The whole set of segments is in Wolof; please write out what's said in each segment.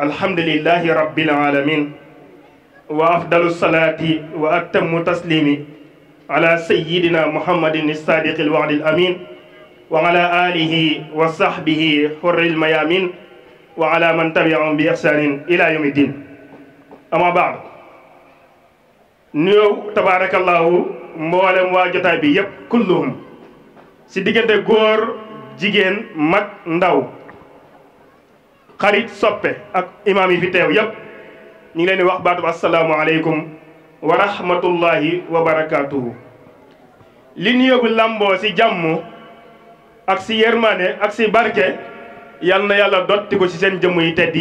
alhamdulillahi rabbil alamin wa afdalu salaati wa atammu taslimi ala sayidina muhammadin sadiqi alwa'di alamin wa ala alihi wa sahbihi hurril mayamin wa ala man tabi'ahum bi ihsanin ila yawmi din ama ba'd nuyow tabarakallahu mboolem waa jotaay bi yépp kulluhum si diggante góor jigéen mag ndaw xarit soppe ak imaam yi fi teew yépp ñu ngi leen wax baatu assalaamu aleykum wa rahmatullahi li nuyoo bu làmboo si jàmm ak si yërmaane ak si barke yal na yàlla dotti ko si seen jëmm yi tedd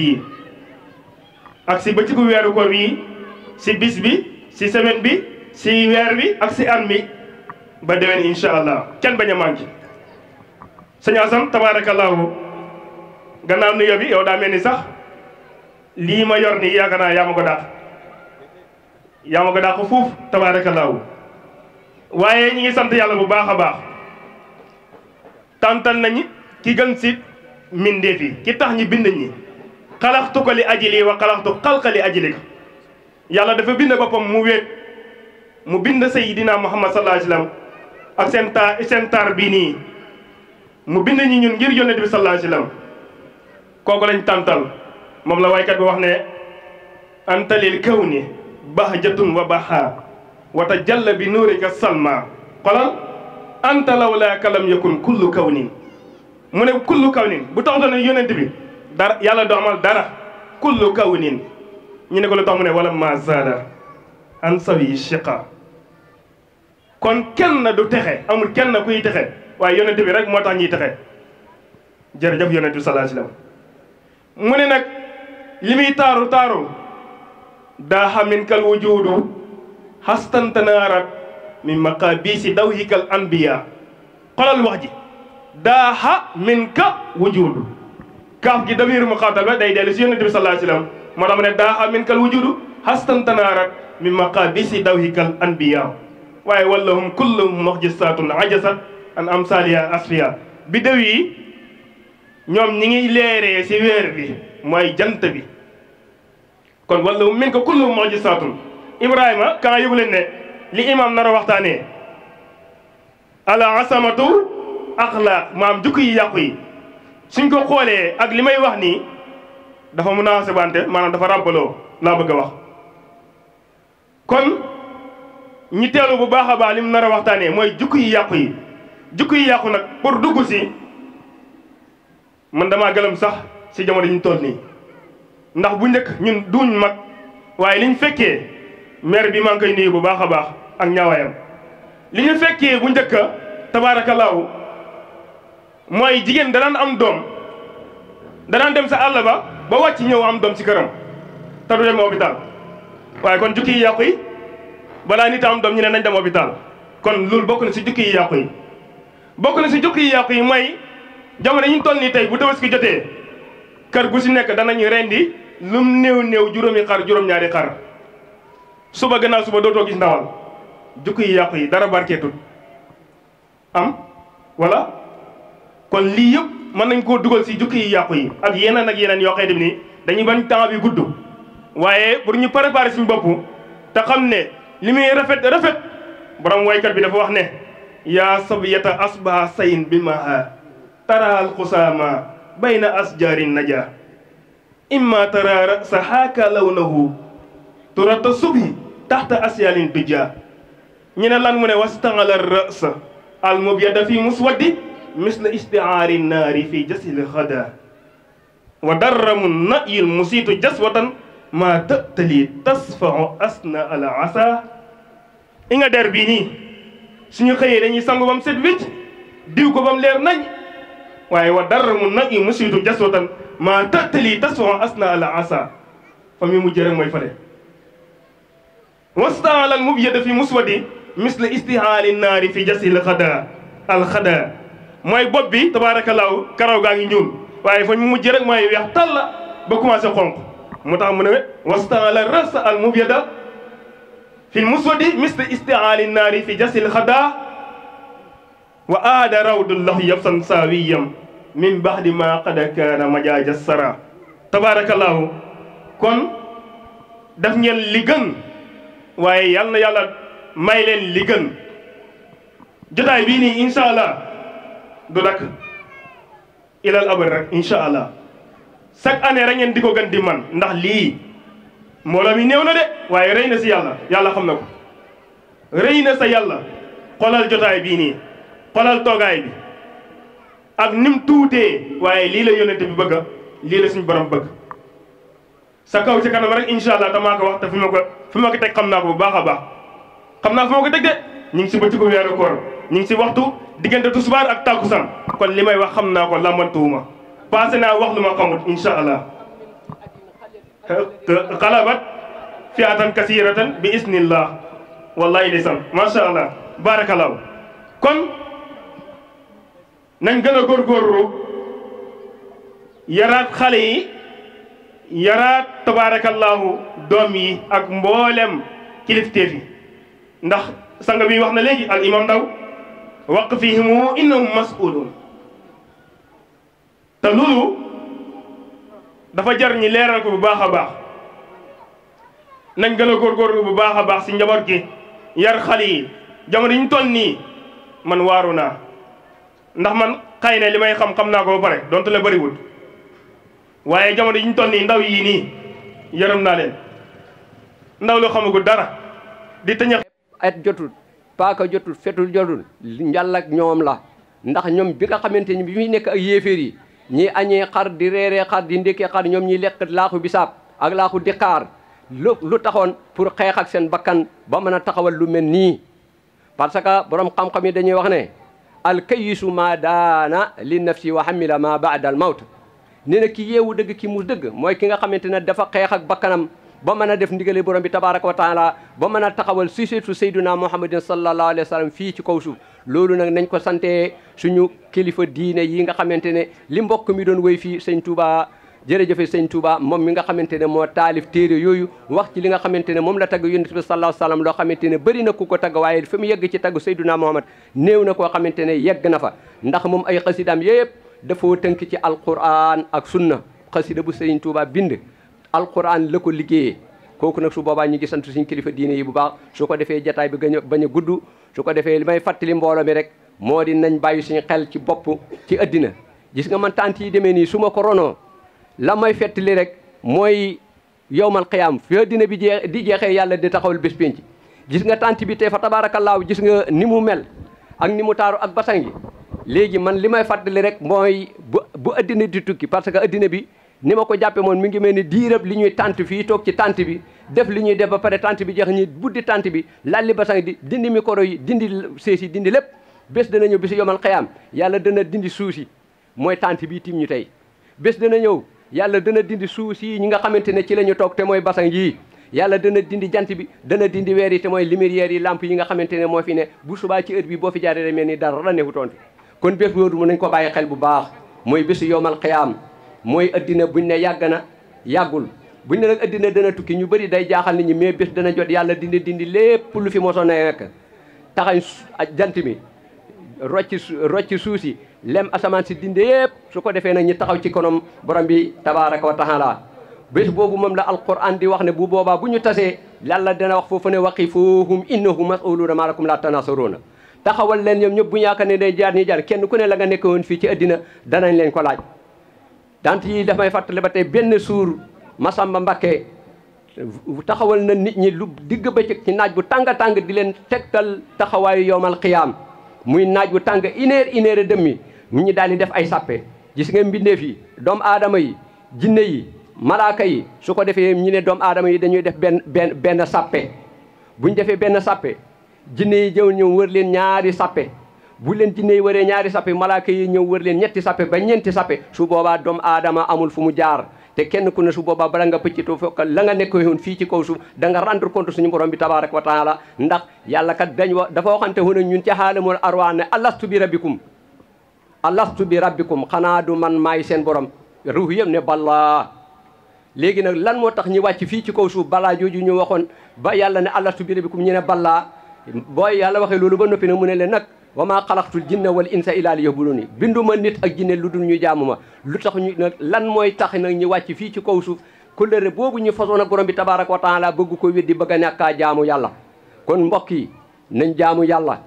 ak si bëccëgu weeru koor wi si bis bi si semaine bi si weer wi ak si at mi ba déwén incha allah kenn bañ a manqué sëñ gannaaw nuyoo bi yow daa mel ni sax lii ma yor nii yaakaar naa yaa ma ko dàq yaa ma ko dàq fuuf tabaarakallaahu waaye ñi ngi sant yàlla bu baax a baax tàntal nañ ki gën si mbindeef yi ki tax ñi bind ñi xalaxtu ko li ajili wa xalaxtu xalqa li ajili ka dafa bind boppam mu wéet mu bind sayidina muhammad sallallahu alayhi wa sallam ak seen taar seen bii nii mu bind ñi ñun ngir yonent bi sallallahu alayhi wa kooku lañ tàntal moom la waykat bi wax ne antalil kawni bahjatun wa baha wa tajalla bi nuurika salma xolal anta law laa kalam yakun kullu kawnin mu ne kullu kawnin bu taxutoon ne yonent bi dara yàlla doo amal dara kullu kawnin ñu ne ko lu tax mu ne wala ma zaada an sawi shiqa kon kenn du texe amul kenn kuy texe waaye yonent bi rek moo tax ñuy texe jërëjëf yonent bi sallallahu mu ne nag li muy taaru taaru daaxa min kal wujudu xastantanaarat min maqaabisi dawhikal anbiya xolal wax ji daaxa min ka wujudu kaaf gi damiir muqaatal ba day dellu si yonente bi sallallahu alayhi wa sallam mu ne daaxa min kal wujudu xastantanaarat min maqaabisi dawhikal anbiya waaye wallahum kulluhum muxjisaatun ajasat an amsaaliha asfiya bi dew ñoom ñi ngi leeree ci weer bi mooy jant bi kon wallahu min ko kullu mu'jizatun ibrahima kana yëgu leen ne li imam nar a waxtaanee ala asamatu axlaaq maam jukki yi yàqu yi suñ ko xoolee ak li may wax nii dafa munaasabante maanaam dafa ràbbaloo laa bëgg a wax kon ñi teelu bu baax a baax li mu nar a waxtaanee mooy jukki yi yàqu yi jukki yi yàqu nag pour dugg si man damaa gëlëm sax si jamono yi ñu toll nii ndax bu njëkk ñun duñ mag waaye li fekkee maire bi maa ngi koy bu baax a baax ak ñaawaayam li fekkee bu njëkk a tabaarakallaahu mooy jigéen danaan am doom danaan dem sa àll ba ba wàcc ñëw am doom si këram ta du dem hôpital waaye kon jukki yi yàqu yi balaa nit am doom ñu ne nañ dem hôpital kon loolu bokk na si jukki yi yàqu yi bokk na si jukki yi yàqu yi mooy. jamono ñi ñu toll nii tey bu tabaski jotee kër gu si nekk danañu rendi lum néew néew juróomi xar juróom-ñaari xar suba gannaaw suba dootoo gis ndawal jukki yi yàqu yi dara barkeetul am wala kon lii yëpp mën nañ koo dugal si jukki yi yàqu yi ak yeneen ak yeneen yoo xam ni dañuy bañ temps bi gudd waaye pour ñu préparer suñu bopp te xam ne li muy rafet rafet borom waykat bi dafa wax ne yaa sabiyata asbaha sayin bi maha tara alxusaama bayna asjaari naja imma tara ra'sa haaka lawnahu turata subhi taxta asyaalin duja ñu ne lan mu ne wastaala ra'sa almubyada fi muswaddi misla istiaari naari fi jasil xada wa darramu na'yil musiitu jaswatan ma tëtali tasfau asna ala asa i nga der bii nii suñu xëyee dañuy sangu bam set wicc diw ko bam leer nañ waaye wa darra mu nag yi musiitu jaswatan maa tëttali taswa asna ala asa fa mi mujj rek mooy fale wastaalal mubyada fi muswadi misle istihaali naari fi jasil xada al xada mooy bopp bi tabaarakallaahu karaw gaa ngi ñuul waaye fa mu mujj rek weex tàll ba commencé xonq mu tax mu ne wastaala rasa al mubyada fi muswadi misle istihaali naari fi jasil xada wa aada rawdullahi yabsan saawiyam min baxdi ma qad kaana majaaja sara tabaarakallaahu kon daf ngeen li gën waaye yal na yàlla may leen li jotaay bii nii allah du dakk ilal abad rek incha allah chaque année rek ngeen di ko gën di man ndax lii mbooloo mi néew na de waaye rëy na si yàlla yàlla xam na ko rëy na sa yàlla xoolal jotaay bii nii xolal toogaay bi ak ni mu tuutee waaye lii la yónnente bi bëgg lii la suñu borom bëgg sa kaw ci kanam rek incha allah damaa ko wax te fi ma ko fi ma ko teg xam naa ko bu baax a baax xam naa fi ma ko teg de ñu ngi si bëccëgu weeru koor ñu ngi si waxtu diggante tisbaar ak takkusaan kon li may wax xam naa ko lamantuwuma passé naa wax lu ma xamut incha allah xalabat fiatan kasiratan bi isnillah wallahi ndeysaan macha allah barakalaw kon nañ gën a góorgóorlu yaraat xale yi yaraat tabaarakallaahu doom yi ak mboolem kilifteef yi ndax sang bi wax na léegi al imam ndaw wax waq fihimu innahum mas'uluun te lu dafa jar ñi leeral ko bu baax a baax nañ gën a góorgóorlu bu baax a baax si njaboot gi yar xale yi jamono yi ñu toll nii man waaru naa ndax man xay ne li may xam xam naa ko ba pare donte la bëriwul waaye jamono yi ñu toll nii ndaw yii nii yaram naa leen ndaw loo xamagul dara di tëñax at jotul paaka jotul fetul jotul njàll ak ñoom la ndax ñoom bi nga xamante ni bi muy nekk ak yéeféer yi ñi añee xar di reeree xar di ndékkee xar ñoom ñi lekk laaxu bisaab ak laaxu dikaar lu taxoon pour xeex ak seen bakkan ba mën a taxawal lu mel nii parce que borom xam-xam yi dañuy wax ne alkayisu ma daana li nafsi wa hamila ma baada al mawt nee na ki yeewu dëgg ki mu dëgg mooy ki nga xamante ne dafa xeex ak bakkanam ba mën a def ndigale borom bi tabaraka wa taala ba mën a taxawal société sayduna muhammadin sallallahu alayhi wa sallam fii ci kaw suuf loolu nag nañ ko sante suñu kilifa diine yi nga xamante ne li mbokk mi doon woy fii sëñ Tuubaa jërëjëfe sëñ Touba moom mi nga xamante ne moo taalif téere yooyu wax ci li nga xamante ne moom la tagg yonent bi sallallahu alayhi wasallam loo xamante ne bëri na ko tagg waaye fi mu yegg ci tagg Seyduna Muhammad néew na koo xamante ne yegg na fa ndax moom ay xasidaam yëpp dafoo tënk ci alquran ak sunna xasida bu sëñ Touba bind alquran la ko liggéeyee kooku nag su boobaa ñu ngi sant suñu kilifa diine yi bu baax su ko defee jataay bi gën a bañ a gudd su ko defee li fàttali mbooloo mi rek moo di nañ bàyyi suñu xel ci bopp ci addina gis nga man tant yi demee nii su ma ko la may fettali rek mooy yowmal xiyaam fii dina bi jeex di jeexee yàlla di taxawal bés penc gis nga tànt bi tey fa tabaarakallaahu gis nga ni mu mel ak ni mu taaru ak basang léegi man li may fàttali rek mooy bu bu addina di tukki parce que addina bi ni ma ko jàppe moon mi ngi mel ni diirab li ñuy tànt fii toog ci tànt bi def li ñuy def ba pare tànt bi jeex ñi di tànt bi lalli basang di dindi micro yi dindi sées dindi lépp bés dana ñëw bési yomal xayaam yàlla dana dindi suusi mooy tànt bi tim ñu tey bés dana ñëw yàlla dana dindi suuf si ñi nga xamante ne ci la ñu toog te mooy basang yii yàlla dana dindi jant bi dana dindi weer yi te mooy lumière yi lamp yi nga xamante ne moo fi ne bu subaa ci heure bi boo fi jaaree mel ni dara la neexutoon fi kon bés boobu mu nañ ko bàyyi xel bu baax mooy bésu yowmal xiyaam mooy addina buñ ne yàgg na yàggul buñ ne nag addina dana tukki ñu bëri day jaaxal nit ñi mais bés dana jot yàlla dindi dindi lépp lu fi mosoon a nekk taxañ jant bi rocci rocci suuf si lem asamaan si dinde yëpp su ko defee nag ñi taxaw ci konom borom bi tabaaraka wa taala bés boobu moom la alquran di wax ne bu boobaa bu ñu tasee yàlla dana wax foofu ne foo waqifuhum innahum mas'uluuna maa lakum laa tanaasaruuna taxawal leen ñoom ñëpp bu yaakaar day jaar ñi jaar kenn ku ne la nga nekk woon fii ci addina danañ leen ko laaj dant yi damay fàttali ba tey benn suur ma Masamba Mbakke taxawal na nit ñi lu digg bëccëg ci naaj bu tàng tàng di leen tegtal taxawaayu yowmal qiyaam muy naaj wu tàng une heure une heure et demi mu ñu daal di def ay sàppe gis nga mbindeef yi doomu aadama yi jinne yi malaaka yi su ko defee ñu ne doomu aadama yi dañuy def benn benn benn sàppe bu ñu defee benn sappe jinne yi jëw ñëw wër leen ñaari sappe bu leen jinne yi wëree ñaari sàppe malaaka yi ñëw wër leen ñetti sappe ba ñeenti sàppe su boobaa doomu aadama amul fu mu jaar te kenn ku ne su boobaa bala nga pëccitoo fokk la nga nekk woon fii ci kaw suuf da nga rendre compte suñu borom bi tabaraka wa taala ndax yàlla kat dañ wa dafa waxante hu ne ñun ci xaalamul arwaa ne alastu bi rabbikum alastu bi rabbikum xanaa du man maay seen borom ruux yëpp ne ballaa léegi nag lan moo tax ñu wàcc fii ci kaw suuf balaa jooju ñu waxoon ba yàlla ne alastu bi rabbikum ñu ne ballaa boo yàlla waxee loolu ba noppi nag mu ne leen nag wa maa xalaqtul jinna wal insa illaa liya'buduni binduma nit ak jinne lu dul ñu jaamu ma lu tax ñu nag lan mooy tax nag ñu wàcc fii ci kaw suuf kóllëre boobu ñu fasoon na borom bi tabaaraka wa taala bëgg ko weddi bëgg a ñàkkaa jaamu yàlla kon mbokk yi nañ jaamu yàlla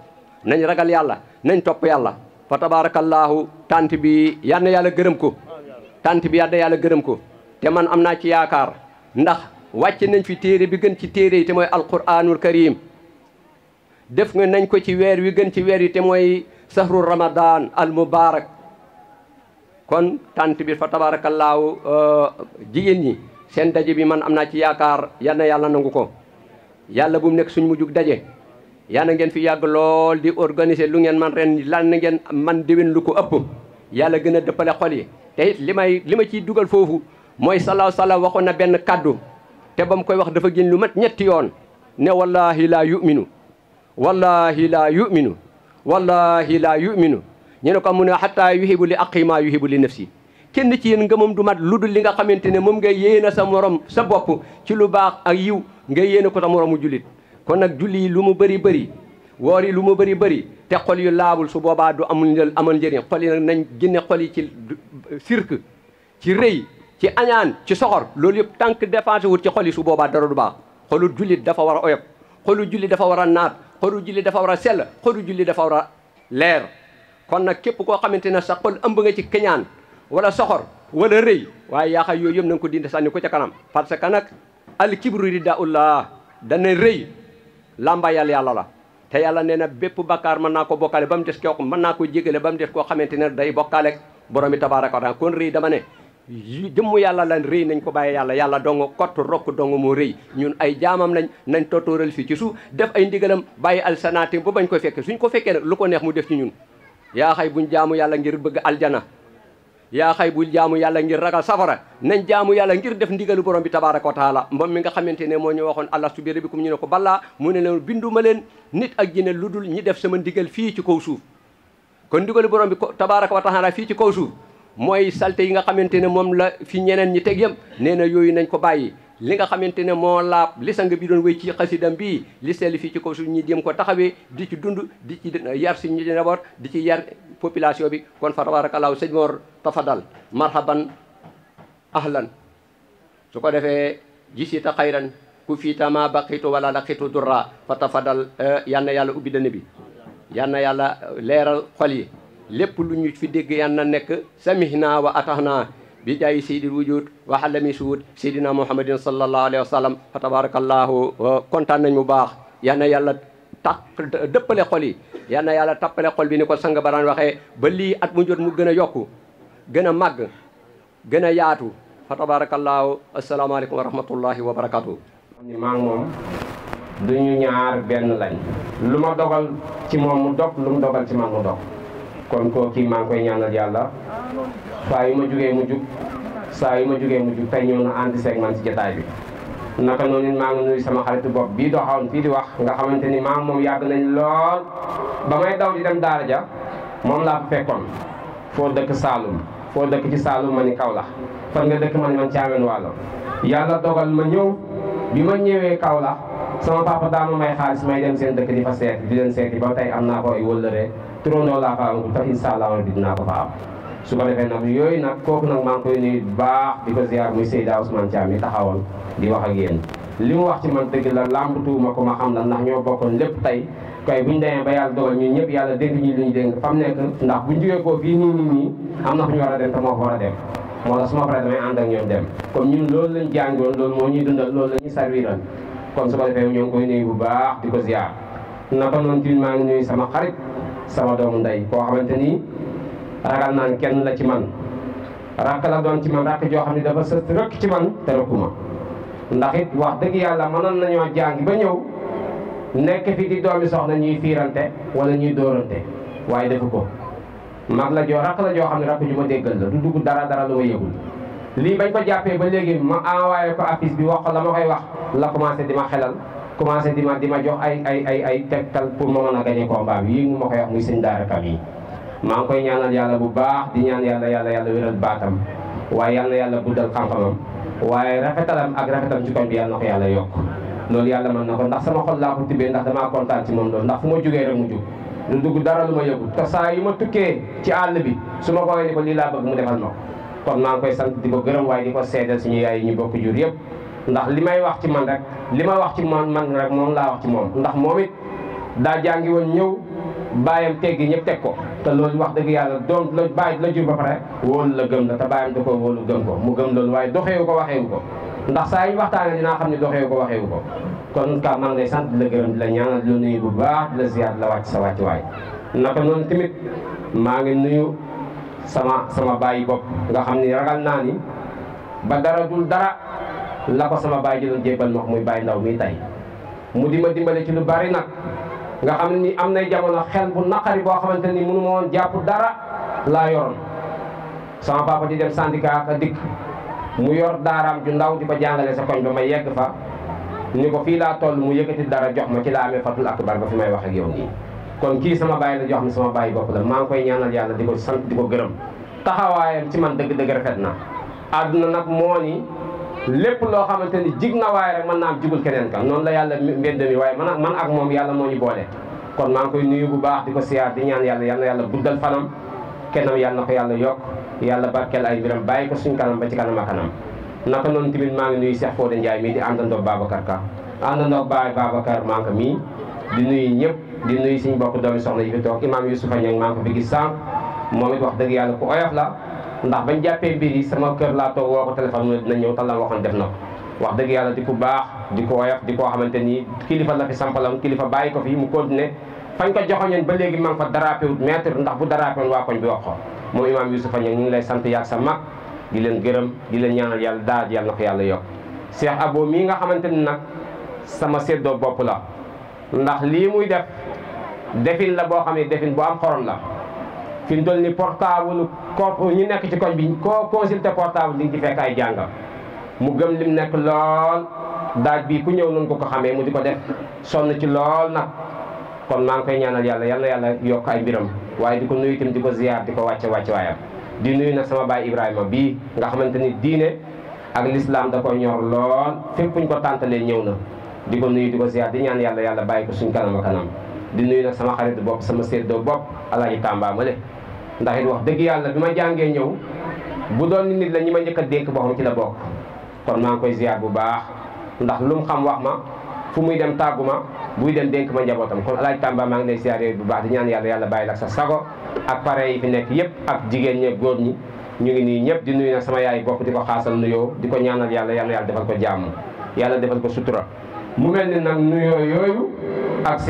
nañ ragal yàlla nañ topp yàlla fa tabaarakallaahu tant bi yal yàlla gërëm ko tant bi yal yàlla gërëm ko te man am naa ci yaakaar ndax wàcce nañ fi téere bi gën ci téere yi te mooy alquraanul karim def nga nañ ko ci weer wi gën ci weer yi te mooy sahru ramadan al mubarak kon tànt bi fa tabaarakallaahu euh, jigéen ñi seen daje bi man am naa ci yaakaar yal na yàlla nangu ko yàlla bu mu nekk suñ jug daje yàlla ngeen fi yàgg lool di organiser lu ngeen man ren lan na ngeen man déwén lu ko ëpp yàlla gën a dëppale xol yi te it li may li ma ciy dugal foofu mooy salaaw salaaw waxoon na benn kàddu te ba mu koy wax dafa génn lu mat ñetti yoon ne wallahi laa yuminu wallahi la yuminu wallahi la yuminu ñu ne ko mu ne xataa yuhibu li aqi maa yuhibu li nafsi kenn ci yéen ngëmam du mat lu dul li nga xamante ne moom ngay yéene sa morom sa bopp ci lu baax ak yiw nga yéene ko sa moromu jullit kon nag julli yi lu mu bëri bëri woor lu mu bëri bëri te xol yu laabul su boobaa du amul amal njëriñ xol yi nañ génne xol yi ci sirk ci rëy ci añaan ci soxor loolu yëpp tànk défense wut ci xol yi su boobaa dara du baax xolu jullit dafa war a xolu julli dafa war a sell xolu julli dafa war a leer kon nag képp koo xamante ne sa xol ëmb nga ci keñaan wala soxor wala rëy waaye yaa xam yooyu yëpp na nga ko dindi sànni ko ca kanam parce que nag al kibru ridaullah dana rëy lamba làmbayal yàlla la te yàlla nee na bépp bakkaar mën naa ko bokkaale ba mu des koo mën naa ko jégale ba mu des koo xamante ne day bokkaale ak borom bi tabaaraka wa kon rëy dama ne jëmmu yàlla lan rëy nañ ko bàyyi yàlla yàlla dong kott rokk dong moo rëy ñun ay jaamam lañ nañ tottooral fii ci suuf def ay ndigalam bàyyi alsanaatim ba bañ ko fekke suñ ko fekkee lu ko neex mu def ci ñun yaa xay buñ jaamu yàlla ngir bëgg aljana yaa xay buñ jaamu yàlla ngir ragal safara nañ jaamu yàlla ngir def ndigalu borom bi tabaraka wa taala moom mi nga xamante ne moo ñu waxoon alastu bi rabbikum ñu ne ko balaa mu ne leen binduma leen nit ak jinne lu dul ñi def sama ndigal fii ci kaw suuf kon ndigalu borom bi tabaraka wa taala fii ci kaw suuf mooy salte yi nga xamante ne moom la fi ñeneen ñi teg yam nee na yooyu nañ ko bàyyi li nga xamante ne moo laab li sang bi doon wéy ci xasidam bii li sell fii ci ko suuf ñi jéem ko taxawee di ci dund di ci yar suñu njaboot di ci yar population bi kon fa tabarakallahu sëñ Mor tafadal marhaban ahlan su ko defee jisita xayran ku fiita ma baqitu wala laqitu durra fa tafadal eh, yal na yàlla ubbi dënn bi yal na yàlla leeral xol yi lépp lu ñu fi dégg yan na nekk samihna wa atahna bi jaay seydil wujud waxalami suud seydina muhammadin sallallahu alayhi wa sallam fa tabarakallahu kontaan nañ mu baax yal na yàlla taq dëppale xol yi yal na yàlla tappale xol bi ni ko sang baraan waxee ba lii at mu jot mu gën yokk yokku gën a màgg gën a yaatu fa tabarakallahu asalaamaaleykum wa rahmatullahi wa barakatuh ni maa ngi moom duñu ñaar benn lañ lu ma dogal ci moom mu dog lu mu dogal ci man kon koo kii maa ngi koy ñaanal yàlla saa yu ma jugee mu jug saa yu ma jugee mu jug tey ñëw na ànd seeg man ci jotaay bi naka noonu maa ngi nuyu sama xaritu bopp bii doxawoon fii di wax nga xamante ni maam moom yàgg nañ lool ba may daw di dem daara ja moom laa fa fekkoon foo dëkk Saalum foo dëkk ci Saalum ma ni Kaolack fan nga dëkk man man Thiamène Walo yàlla dogal ma ñëw bi ma ñëwee Kaolack sama papa daa may xaalis may dem seen dëkk di fa seet turandoo laa fa am fa incha allah rabbi dinaa ko fa am su ko defee nag yooyu nag kooku nag maa ngi koy nuyu baax di ko ziar muy Seyda Ousmane Thiam mi di wax ak yéen li mu wax ci man dëgg la làmbatuwuma ko ma xam la ndax ñoo bokkoon lépp tey kay bu ba yàlla dogal ñëpp yàlla dénk ñu li ñu dénk ndax bu ñu jógee koo fii nii nii nii am na fu a dem te moo a dem moo tax su ma paree damay ànd moo ñuy dundal loolu la ñuy serviral kon su ko defee bu baax di ko ziar maa ngi nuyu sama xarit sama doomu ndey koo xamante ni ragal naan kenn la ci man ràq la doon ci man ràq joo xam ne dafa sës rëkk ci man te rëkkuma ndax it wax dëgg yàlla mënoon nañoo jàngi ba ñëw nekk fi di doomi soxna ñuy fiirante wala ñuy dóorante waaye defu ko mag la joo ràq la joo xam ne ràq ju ma déggal la du dugg dara dara lu ma yëgul lii bañ ko jàppee ba léegi ma envoyé ko affiche bi wax la ma koy wax la commencé di ma xelal commencé di ma di ma jox ay ay ay ay tegtal pour ma mën a gagné combat bi yii mu ma ko wax muy sëñ daara kam yi maa ngi koy ñaanal yàlla bu baax di ñaan yàlla yàlla yàlla wéral baatam waaye yàlla yàlla guddal xam-xamam waaye rafetalam ak rafetam ci koñ bi yàlla na ko yàlla yokk loolu yàlla mën na ko ndax sama xol laa ko tibbee ndax damaa kontaan ci moom loolu ndax fu ma jógee rek mu jóg lu dugg dara lu ma yëgul te saa yu ma tukkee ci àll bi su ma ko waxee ni ko ma ko kon maa ngi koy sant di ko gërëm waaye di ko seedal suñu yaay yi yëpp ndax li may wax ci man rek li ma wax ci man man rek moom laa wax ci moom ndax moom it daa jàngi woon ñëw bàyyam teggi ñëpp teg ko te loolu wax dëgg yàlla doom la bàyyi la jur ba pare wóolu la gëm la te bàyyam da ko wóolu gëm ko mu gëm loolu waaye doxeewu ko waxeewu ko ndax saa yu waxtaanee dinaa xam ne doxee ko waxeewu ko kon ka maa ngi lay sant di la gërëm di la ñaanal di la nuyu bu baax la ziar la wàcc sa wàcc waay naka noonu tamit maa ngi nuyu sama sama bàyyi bopp naa ni la ko sama baay ji doon jébbal ma muy baay ndaw mii tey mu di ma dimbale ci lu bari nag nga xam ni am nay jamono xel bu naqari boo xamante ni mënu ma woon jàpp dara laa yoroon sama papa di dem syndicat a dikk mu yor daaraam ju ndaw di ko jàngale sa koñ ba ma yegg fa ni ko fii laa toll mu yëkkati dara jox ma ci laa amee fatul akbar ba fi may wax ak yow nii kon kii sama baay la jox ma sama baay bopp la maa ngi koy ñaanal yàlla di ko sant di ko gërëm taxawaayam ci man dëgg-dëgg rafet na lépp loo xamante ni jig na waaye rek mën naa am jigul keneen ka noonu la yàlla mbedd mi waaye man man ak moom yàlla moo ñu boole kon maa ngi koy nuyu bu baax di ko siyaar di ñaan yàlla yal na yàlla guddal fanam kennam yàlla na ko yàlla yokk yàlla barkeel ay mbiram bàyyi ko suñ kanam ba ci kanam a kanam naka noonu tamit maa ngi nuyu Cheikh Fodé Ndiaye mii di àndandoo Babacar Ka àndandoo Baye Babacar maa ngi ko mii di nuyu ñëpp di nuyu suñu bokk doomi soxna yi fi toog imaam Youssoufa Niang maa ngi ko fi gis sànq moom ndax bañ jàppee mbir yi sama kër laa toog woo ko téléphone mu ne ñëw te la waxoon def na wax dëgg yàlla di ku baax di ko woyof di koo xamante ni kilifa la fi sampaloon kilifa bàyyi ko fi mu continué fañ ko joxoñoon ba léegi ma ngi fa dérapé wut ndax bu dérapé woon waa koñ bi wax ko moom imaam Youssoufa ñu ngi lay sant yaag sa mag di leen gërëm di leen ñaanal yàlla daal di yàlla na ko yàlla yokk Cheikh Abo mii nga xamante ni nag sama séddoo bopp la ndax lii muy def defin la boo xam defin bu am xorom la fi mu toll ni ko ñu nekk ci ko bi koo consulté portable di ci fekk ay jàngam mu gëm lim nekk lool daaj bi ku ñëw noonu ko ko xamee mu di ko def sonn ci lool na kon maa ngi koy ñaanal yàlla yàlla yokk ay mbiram waaye di ko nuyu itam di ko ziyaar di ko wàcce wàcce waayam di nuyu nag sama baay Ibrahima bii nga xamante ni diine ak lislaam da ko ñor lool fépp ñu ko tàntalee ñëw na di ko nuyu di ko ziyaar di ñaan yàlla yàlla bàyyi ko suñ kanam a kanam di nuyu nag sama xarit bopp sama séddoo bopp ndax it wax dëgg yàlla bi ma jàngee ñëw bu doon nit la ñi ma njëkk a dénk boppam ci la bokk kon maa ngi koy ziar bu baax ndax lum xam wax ma fu muy dem tàggu ma buy dem dénk ma njabootam kon alaaj Tamba maa ngi lay ziar bu baax di ñaan yàlla yàlla bàyyi la sa sago ak pare yi fi nekk yëpp ak jigéen ñee góor ñi ñu ngi nii ñëpp di nuyu nag sama yaay bopp di ko xaasal nuyoo di ko ñaanal yàlla yàlla yàlla defal ko jàmm yàlla defal ko sutura mu mel ni nag nuyoo yooyu ak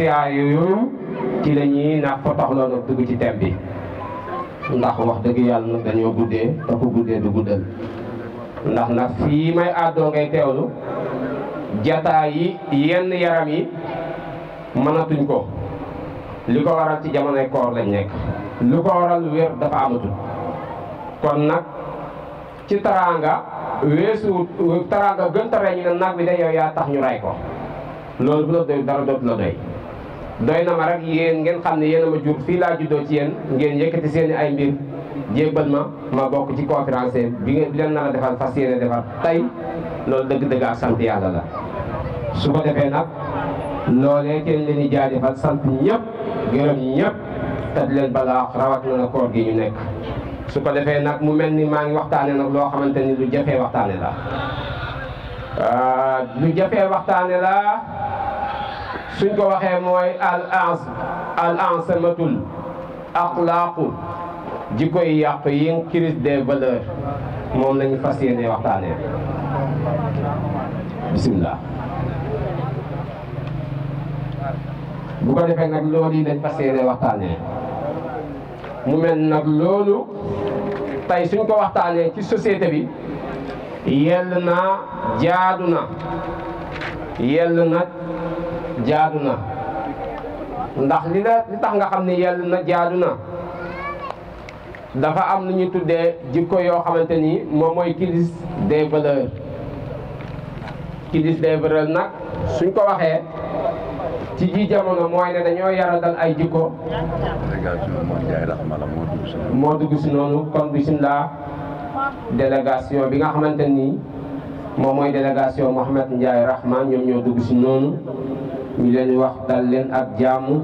la ñuy nag fa tax ci thème bi ndax wax dëgg yàlla dañoo guddee te ku guddee du guddal ndax nag fii may ngay teewlu jataay yi yenn yaram yi mënatuñ ko li ko waral ci jamonoy koor lañ nekk lu ko waral wér dafa amatul kon nag ci taraanga weesu taraanga gën tare ñu ne nag bi de yow yaa tax ñu ray ko loolu bu la doy dara dootu la doy doy na ma rek yéen ngeen xam ne yéen a ma jur fii laa juddoo ci yéen ngeen yëkkati seen ay mbir jébbal ma ma bokk ci conférence bi leen nar a defal fas yéene defal tey loolu dëgg-dëgg ak sant yàlla la. su ko defee nag loolee kenn leen di jaajëfal sant ñëpp gërëm ñëpp te di leen balaa rawatina na koor gi ñu nekk. su ko defee nag mu mel ni maa ngi waxtaane nag loo xamante ni lu jafee waxtaane laa ah, lu jafee waxtaane la. suñ ko waxee mooy al ans al ansamatul axlaaqu jikko yi yàqu yi crise des moom lañu ñu fas yéene waxtaanee bisimilah. bu ko defee nag loolu yi lañ fas yéene waxtaanee mu mel nag loolu tey suñ ko waxtaanee ci société bi yell na jaadu na yell na. jaadu na ndax li li tax nga xam ne yell na jaadu na dafa am lu ñu tuddee jikko yoo xamante ni moom mooy crise des valeurs crise des valeurs nag suñ ko waxee ci ji jamono mooy ne dañoo yaradal ay jikko moo dugg si noonu kon bisimilah délégation bi nga xamante nii moo mooy délégation Mouhamed Ndiaye Rahma ñoom ñoo dugg si noonu ñu leen wax dal leen ak jaamu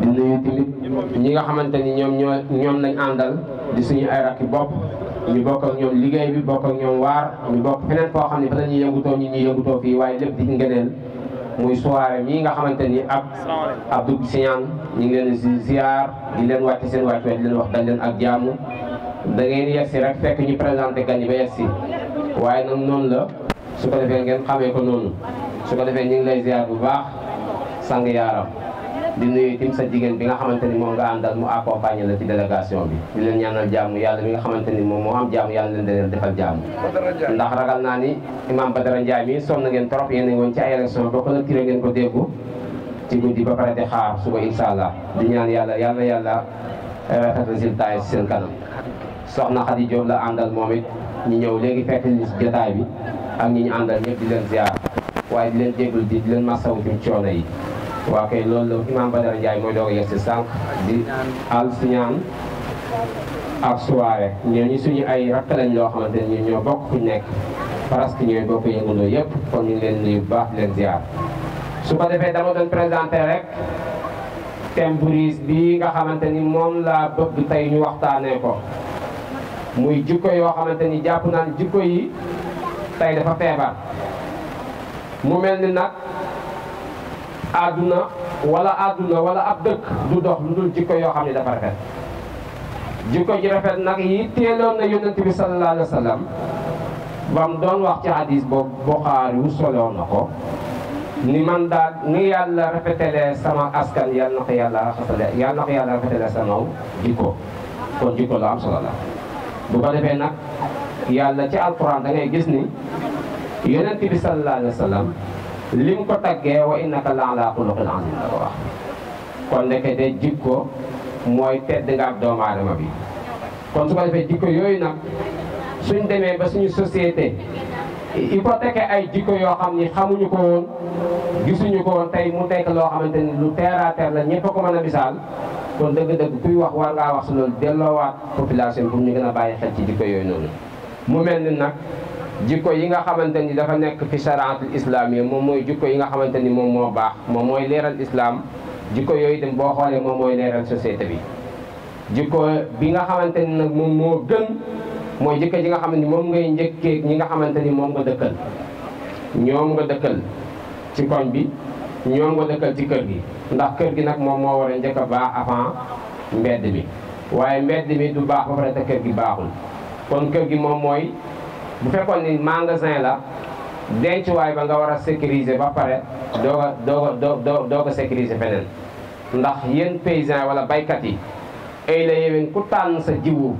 di nuyu tamit ñi nga xamante ni ñoom ñoo ñoom nañ àndal di suñu ay rakki bopp ñu bokk ak ñoom liggéey bi bokk ak ñoom waar ñu bokk feneen foo xam ne fa la ñuy yëngutoo ñi ñuy yëngutoo fii waaye lépp di ngëneel muy soirée mii nga xamante ni ab Abdou Siñaan ñu ngi si si ziar di leen wàcc seen wàcc di leen wax dal leen ak jaamu da ngeen yegsi rek fekk ñu présenté gan yi ba yegsi waaye noonu la su ko defee ngeen xamee ko noonu su ko defee ñu ngi lay ziar bu baax sang yaaram di nuyu tim sa jigéen bi nga xamante ni moom nga àndal mu accompagné la ci délégation bi di leen ñaanal yàlla mi nga xamante ni moom moo am jaamu yàlla leen leen defal jaamu ndax ragal naa ni imam Badara Ndiaye mi sonn ngeen trop yéen a ci ay élection boo ko la tiré ngeen ko déggu ci guddi ba pare di xaar suba incha allah di ñaan yàlla yàlla yàlla eh, rafet résultat yi seen kanam soxna Khady Diop la àndal moom it ñu ñëw léegi fekk jotaay bi ak ñi ñu àndal ñëpp di leen ziar waaye di leen jégalu di leen masawu ci coono yi. waa kay loolu la Imam Badara Ndiaye mooy doog a yegg si sànq di al siñaan ak soirée ñooñu suñu ay rakk lañ loo xamante ne ñoo bokk nekk presque ñooy bokk yëngandoo yëpp kon ñu ngi leen nuyu bu baax di leen ziar. su ko defee dama doon présenté rek thème brise bi nga xamante ni moom laa bëgg tey ñu waxtaanee ko muy jikko yoo xamante ni jàpp naan jikko yi. tey dafa feebar mu mel ni nag àdduna wala àdduna wala ab dëkk du dox lu dul jikko yoo xam ne dafa rafet jikko ji rafet nag yi teeloon na yonent bi sallallahu alayhi wa doon wax ci hadis boobu Buxaari wu soloo ko ni man daal ni yàlla rafetalee sama askan yàlla na ko yàlla rafetale sama jikko kon jikko la am solo la bu ko defee nag yàlla ci alquran da ngay gis ni yonent bi sallallahu alayhi lim ko taggee wa innaka la ala xuluqin azim la ko wax kon nekk jikko mooy tedd nga ak doomu aadama bi kon su ko defee jikko yooyu nag suñ demee ba suñu i ko hypothéqué ay jikko yoo xam ni xamuñu ko woon gisuñu ko woon tey mu tekk loo xamante ni lu terre à terre la ñëpp ko mën a misaal kon dëgg-dëgg kuy wax war ngaa wax su loolu delloowaat population pour ñu gën a bàyyi xel ci jikko yooyu noonu mu mel ni nag jikko yi nga xamante ni dafa nekk fi saraatul islaam yi moom mooy jikko yi nga xamante ni moom moo baax mooy leeral islam jikko yooyu itam boo xoolee moom mooy leeral société bi. jikko bi nga xamante ni nag moom moo gën mooy jikko ji nga xam ne moom ngay njëkkee ñi nga xamante ni moom nga dëkkal ñoom nga dëkkal ci koñ bi ñoom nga dëkkal ci kër gi ndax kër gi nag moom moo war a njëkk a baax avant mbedd bi waaye mbedd mi du baax ba pare te kër gi baaxul. kon kër gi moom mooy bu fekkoon ni magasin la dencuwaay ba nga war a sécuriser ba pare doo ko doo ko doo doo sécuriser feneen ndax yéen paysan wala baykat yi ay la yéwén ku tànn sa jiwu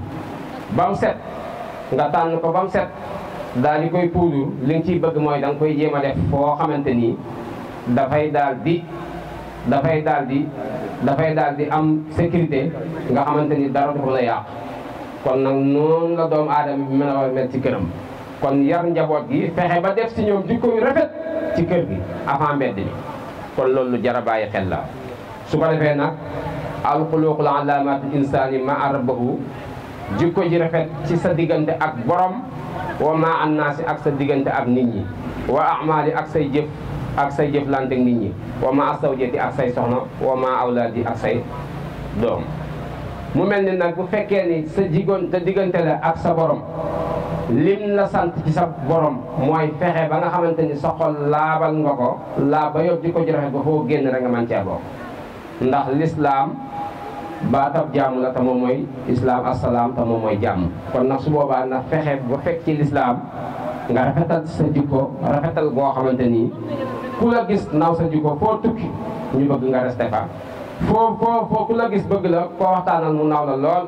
ba mu set nga tànn ko ba mu set daal di koy puudur li ciy bëgg mooy da nga koy jéem a def foo xamante nii dafay daal di dafay daal di dafay daal di am sécurité nga xamante ni dara du ko mën yàq kon nag noonu la doomu aadama bi mën a war ci këram kon yar njaboot gi fexe ba def si ñoom jikko yu rafet ci kër gi avant mbedd mi kon loolu lu jar a bàyyi xel la su ko defee nag alxuluqul alaamatul insaani ma rabbahu jikko ji rafet ci sa diggante ak borom wa ma annaasi ak sa diggante ak nit ñi wa amaali ak say jëf ak say jëflante nit ñi wa ma asawjati ak say soxna wa ma awlaadi ak say doom mu mel ni nag bu fekkee ni sa jigoon diggante la ak sa borom lim la sant ci sa borom mooy fexe ba nga xamante ni sa xol laabal nga ko laa ba yóbbu di ko joxe ba foo génn rek nga mën cee ndax lislaam baatab jàmm la te moom mooy islaam assalaam te moom mooy kon nag su boobaa na fexe ba fekk ci lislaam nga rafetal sa jikko rafetal goo xamante nii ku la gis naaw sa jikko foo tukki ñu bëgg nga resté foo foo foo ku la gis bëgg la koo waxtaanal mu naaw la lool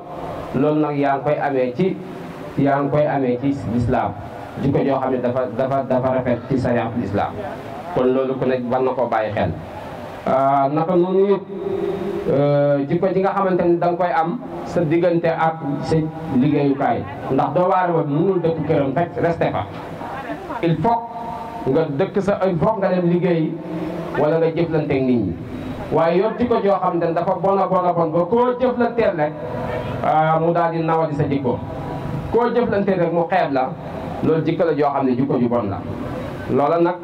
loolu nag yaa ngi koy amee ci yaa ngi koy amee ci lislaam jikko joo xam ne dafa dafa rafet ci sariyatul islaam kon loolu ko nekk war na koo bàyyi xel ah, naka noonu it euh, jikko ji nga xamante ni da nga koy am sa diggante ak sa liggéeyukaay ndax doo waare woon mënul dëkk këram rek resté fa il faut nga dëkk sa il faut nga dem liggéey wala nga jëflante ak nit ñi waaye yor jikko joo xam ne dafa bon a bon a bon ba koo jëflanteel rek ah, mu daal di nawadi sa jikko koo jëflanteel rek mu xeeb la loolu jikko joo xam ne jikko ju bon la loola nag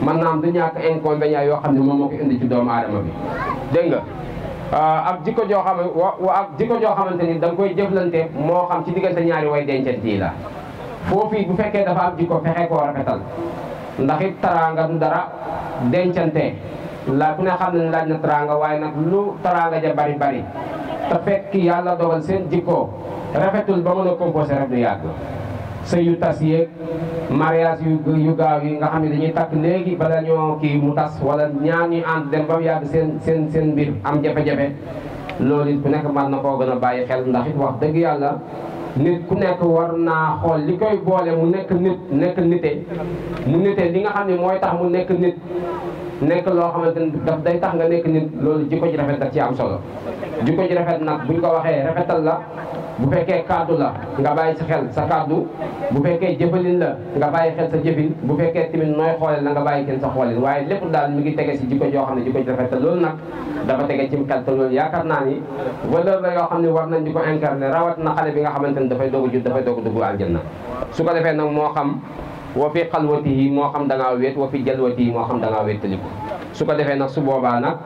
man naam du ñàkk inconvénient yoo xam ne moom moo ko indi ci doomu aadama bi dégg nga ah, ak jikko joo joo xamante ni da koy jëflante moo xam ci diggante ñaari way dencante yi la foofii bu fekkee dafa am jikko fexe koo rafetal ndax it taraanga du dara dencante la ku ne xam ne laaj na teraanga waaye nag lu teraanga ja bari bari te fekk yàlla dogal seen jikkoo rafetul ba mën a composé rek yàgg sëy yu tas yeeg mariage yu yu yi nga xam li ñuy takk léegi bala ñoo kii mu tas wala ñaar ñu ànd dem ba yàgg seen seen seen mbir am jafe-jafe loolu ku nekk mën na koo gën a bàyyi xel ndax it wax dëgg yàlla nit ku nekk war naa xool li koy boole mu nekk nit nekk nite mu nite li nga xam ne mooy tax mu nekk nit nekk loo xamante ni daf day tax nga nekk nit loolu jikko ji rafet daf ci am solo jikko ji rafet nag buñ ko waxee rafetal la bu fekkee kaddu la nga bàyyi si xel sa kaddu bu fekkee jëfalin la nga bàyyi xel sa jëfin bu fekkee tamit nooy xooleel la nga bàyyi kenn sa xoolin waaye lépp daal mi ngi tege si jikko joo xam ne jikko ji rafet te loolu nag dafa tege cim xel te loolu yaakaar naa ni valeur la yoo xam ne war nañ di ko incarner rawat na xale bi nga xamante ni dafay doog a jud dafay doog a dugg wa fi xalwatihi moo xam da ngaa wéet wa fi jalwatihi moo xam da ngaa wéetaliku su ko defee nag su boobaa nag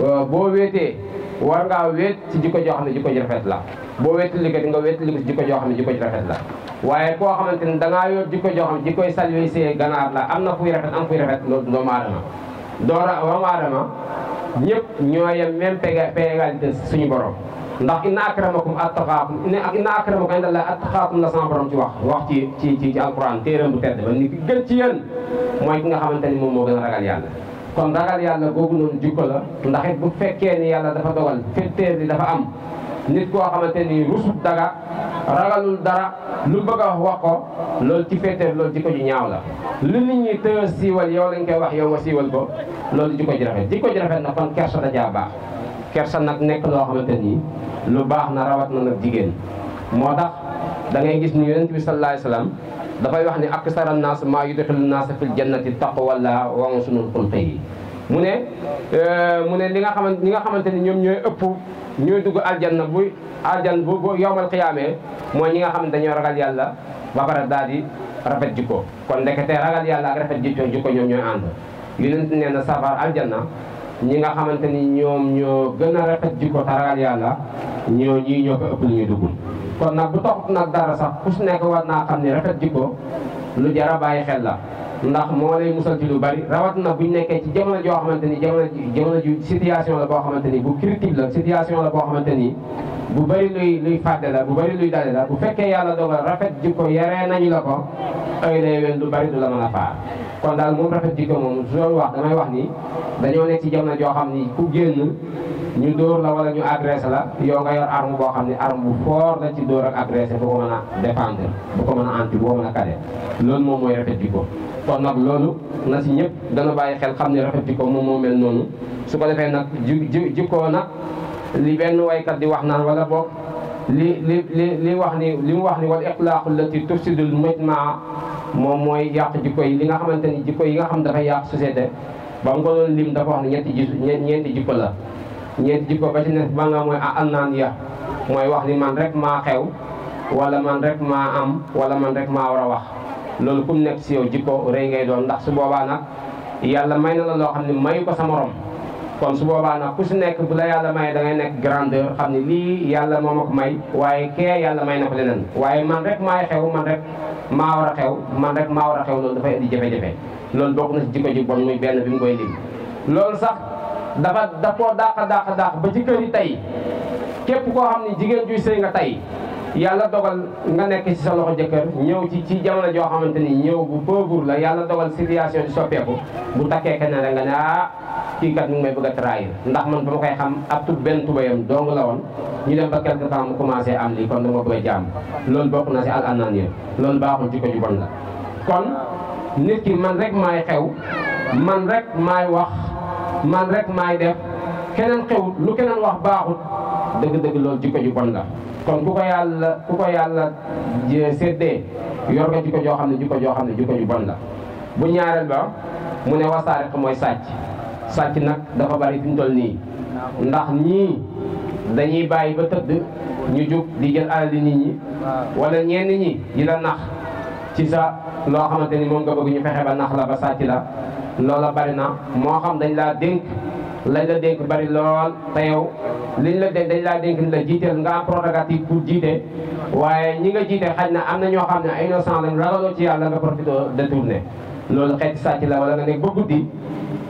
euh, boo wéetee war ngaa wéet ci jikko joo xam ne jikko ji rafet la boo wéetaliku di nga wéetaliku ci jikko joo xam ne jikko ji rafet la waaye koo xamante ne da ngaa yor jikko joo xam ne jikkoy salwisee ganaar la am na fuy rafet am fuy rafet loolu doomu aadama doomu aadama ñëpp ñoo yem même pégalité suñu borom ndax inna akramakum attaqaakum inna akramakum inda llahi attaqaakum la sama borom ci wax wax ci ci ci ci alquran téeram bu tedd ba ni ki gën ci yéen mooy ki nga xamante ni moom moo gën a ragal yàlla kon ragal yàlla googu noonu jikko la ndax bu fekkee ni yàlla dafa dogal fetteer di dafa am nit koo xamante ni rusut daga ragalul dara lu bëgg a wax wax ko loolu ci fetteer loolu jikko ji ñaaw la lu nit ñi tëë siiwal yow lañ koy wax yow nga siiwal ko loolu jikko ji rafet jikko ji rafet na kon kersa da jaa baax kersa nag nekk loo xamante ni lu baax na rawat na nag jigéen moo tax da ngay gis ni yonent bi sallallahu alayhi dafay wax ni ak sara naas maa yudxilu naas fil jannati taqwallah wa husnul xulqi mu ne euh, mu ne li nga xamante li nga xamante ni ñoom ñooy ëpp ñooy dugg aljanna bu aljanna bu bu yowmal xiyaamee mooy ñi nga xam ne dañoo ragal yàlla ba pare daal di rafet jikko kon ndekete ragal yàlla ak rafet jikko ñoom ñooy ànd yonent nee na safar aljanna ñi nga xamante ni ñoom ñoo gën a rafet jikko taraal yàlla ñoo ñii ñoo ko ëpp lu ñuy dugg kon nag bu taxut nag dara sax ku si nekk war naa xam ni rafet jikko lu jar a bàyyi xel la ndax moo lay musal ci lu bari rawat na buñ nekkee ci jamono joo xamante ni jamono jamono ju situation la boo xamante ni bu critique la situation la boo xamante ni bu bëri luy luy fàtte la bu bëri luy dale la bu fekkee yàlla dogal rafet jikko yaree nañu la ko ay lay wen lu bari la a kon daal moom rafet jikko moom su doon wax damay wax ni dañoo nekk ci jamono joo xam ni ku génn ñu dóor la wala ñu agressé la yoo nga yor arme boo xam ne arme bu fort la ci dóor ak agressé bu ko mën a défendre bu ko mën a anti bu ko mën a kade loolu moom mooy rafet jikko kon nag loolu na si ñëpp dana bàyyi xel xam ne rafet jikko moom moo mel noonu su ko defee nag jikkoo nag li benn waykat di wax naan wala boog li li li li wax ni li mu wax ni wal ixlaaqu allati tufsidul mujmaa moom mooy yàq jikko yi li nga xamante ni jikko yi nga xam dafa yàq société ba mu ko doon lim dafa wax ne ñetti ji ñeenti jikko la ñeenti jikko ba ci ne ba nga mooy a annaan ya mooy wax ni man rek maa xew wala man rek maa am wala man rek maa war a wax loolu ku mu nekk si yow jikko rëy ngay doon ndax su boobaa nag yàlla may na la loo xam ne mayu ko sa morom kon su boobaa nag ku si nekk bu la yàlla may da ngay nekk grandeur xam ne lii yàlla moo may waaye kee yàlla may na ko leneen waaye man rek maay xew man rek maa war a xew man rek maa war a xew loolu dafay indi jafe-jafe loolu bokk na si jikko ji bon muy benn bi mu koy lim loolu sax dafa daf koo daax a daax daax ba ci kër yi tey képp koo xam ne jigéen juy sëy nga tey yàlla dogal nga nekk ci sa loxo jëkkër ñëw ci ci jamono joo xamante ni ñëw bu pauvre la yàlla dogal situation di soppeeku bu takkee kenn rek nga ne ah kii kat mu may bëgg a trahir ndax man ba ma koy xam ab tub benn tubayam dong la woon ñu dem ba quelque temps mu commencé am lii kon dama bëgg a jaam loolu bokk na si al anaan yéen loolu baaxul ci ko ju bon la kon nit ki man rek maay xew man rek maay wax man rek maay def keneen xewut lu keneen wax baaxut dëgg-dëgg loolu jikko ju bon la kon ku ko yàlla ku ko yàlla séddee yor nga jikko joo xam ne jikko joo xam ne jikko ju bon la bu ñaareel ba mu ne wasaariq mooy sàcc sàcc nag dafa bari fi nii ndax ñii dañuy bàyyi ba tëdd ñu jug di jël alal nit ñi wala ñenn ñi di la nax ci sa loo xamante ni moom nga bëgg ñu fexe ba nax la ba sàcc la loola bari na moo xam dañ laa dénk lañ la dénk bari lool te yow liñ la dénk dañ laa dénk ni la jiiteel nga am prérogative pour jiite waaye ñi nga jiite xaj na am na ñoo xam ne ay innocent lañ ragaloo ci yàlla nga profité détourné loolu xeeti sàcc la wala nga nekk ba guddi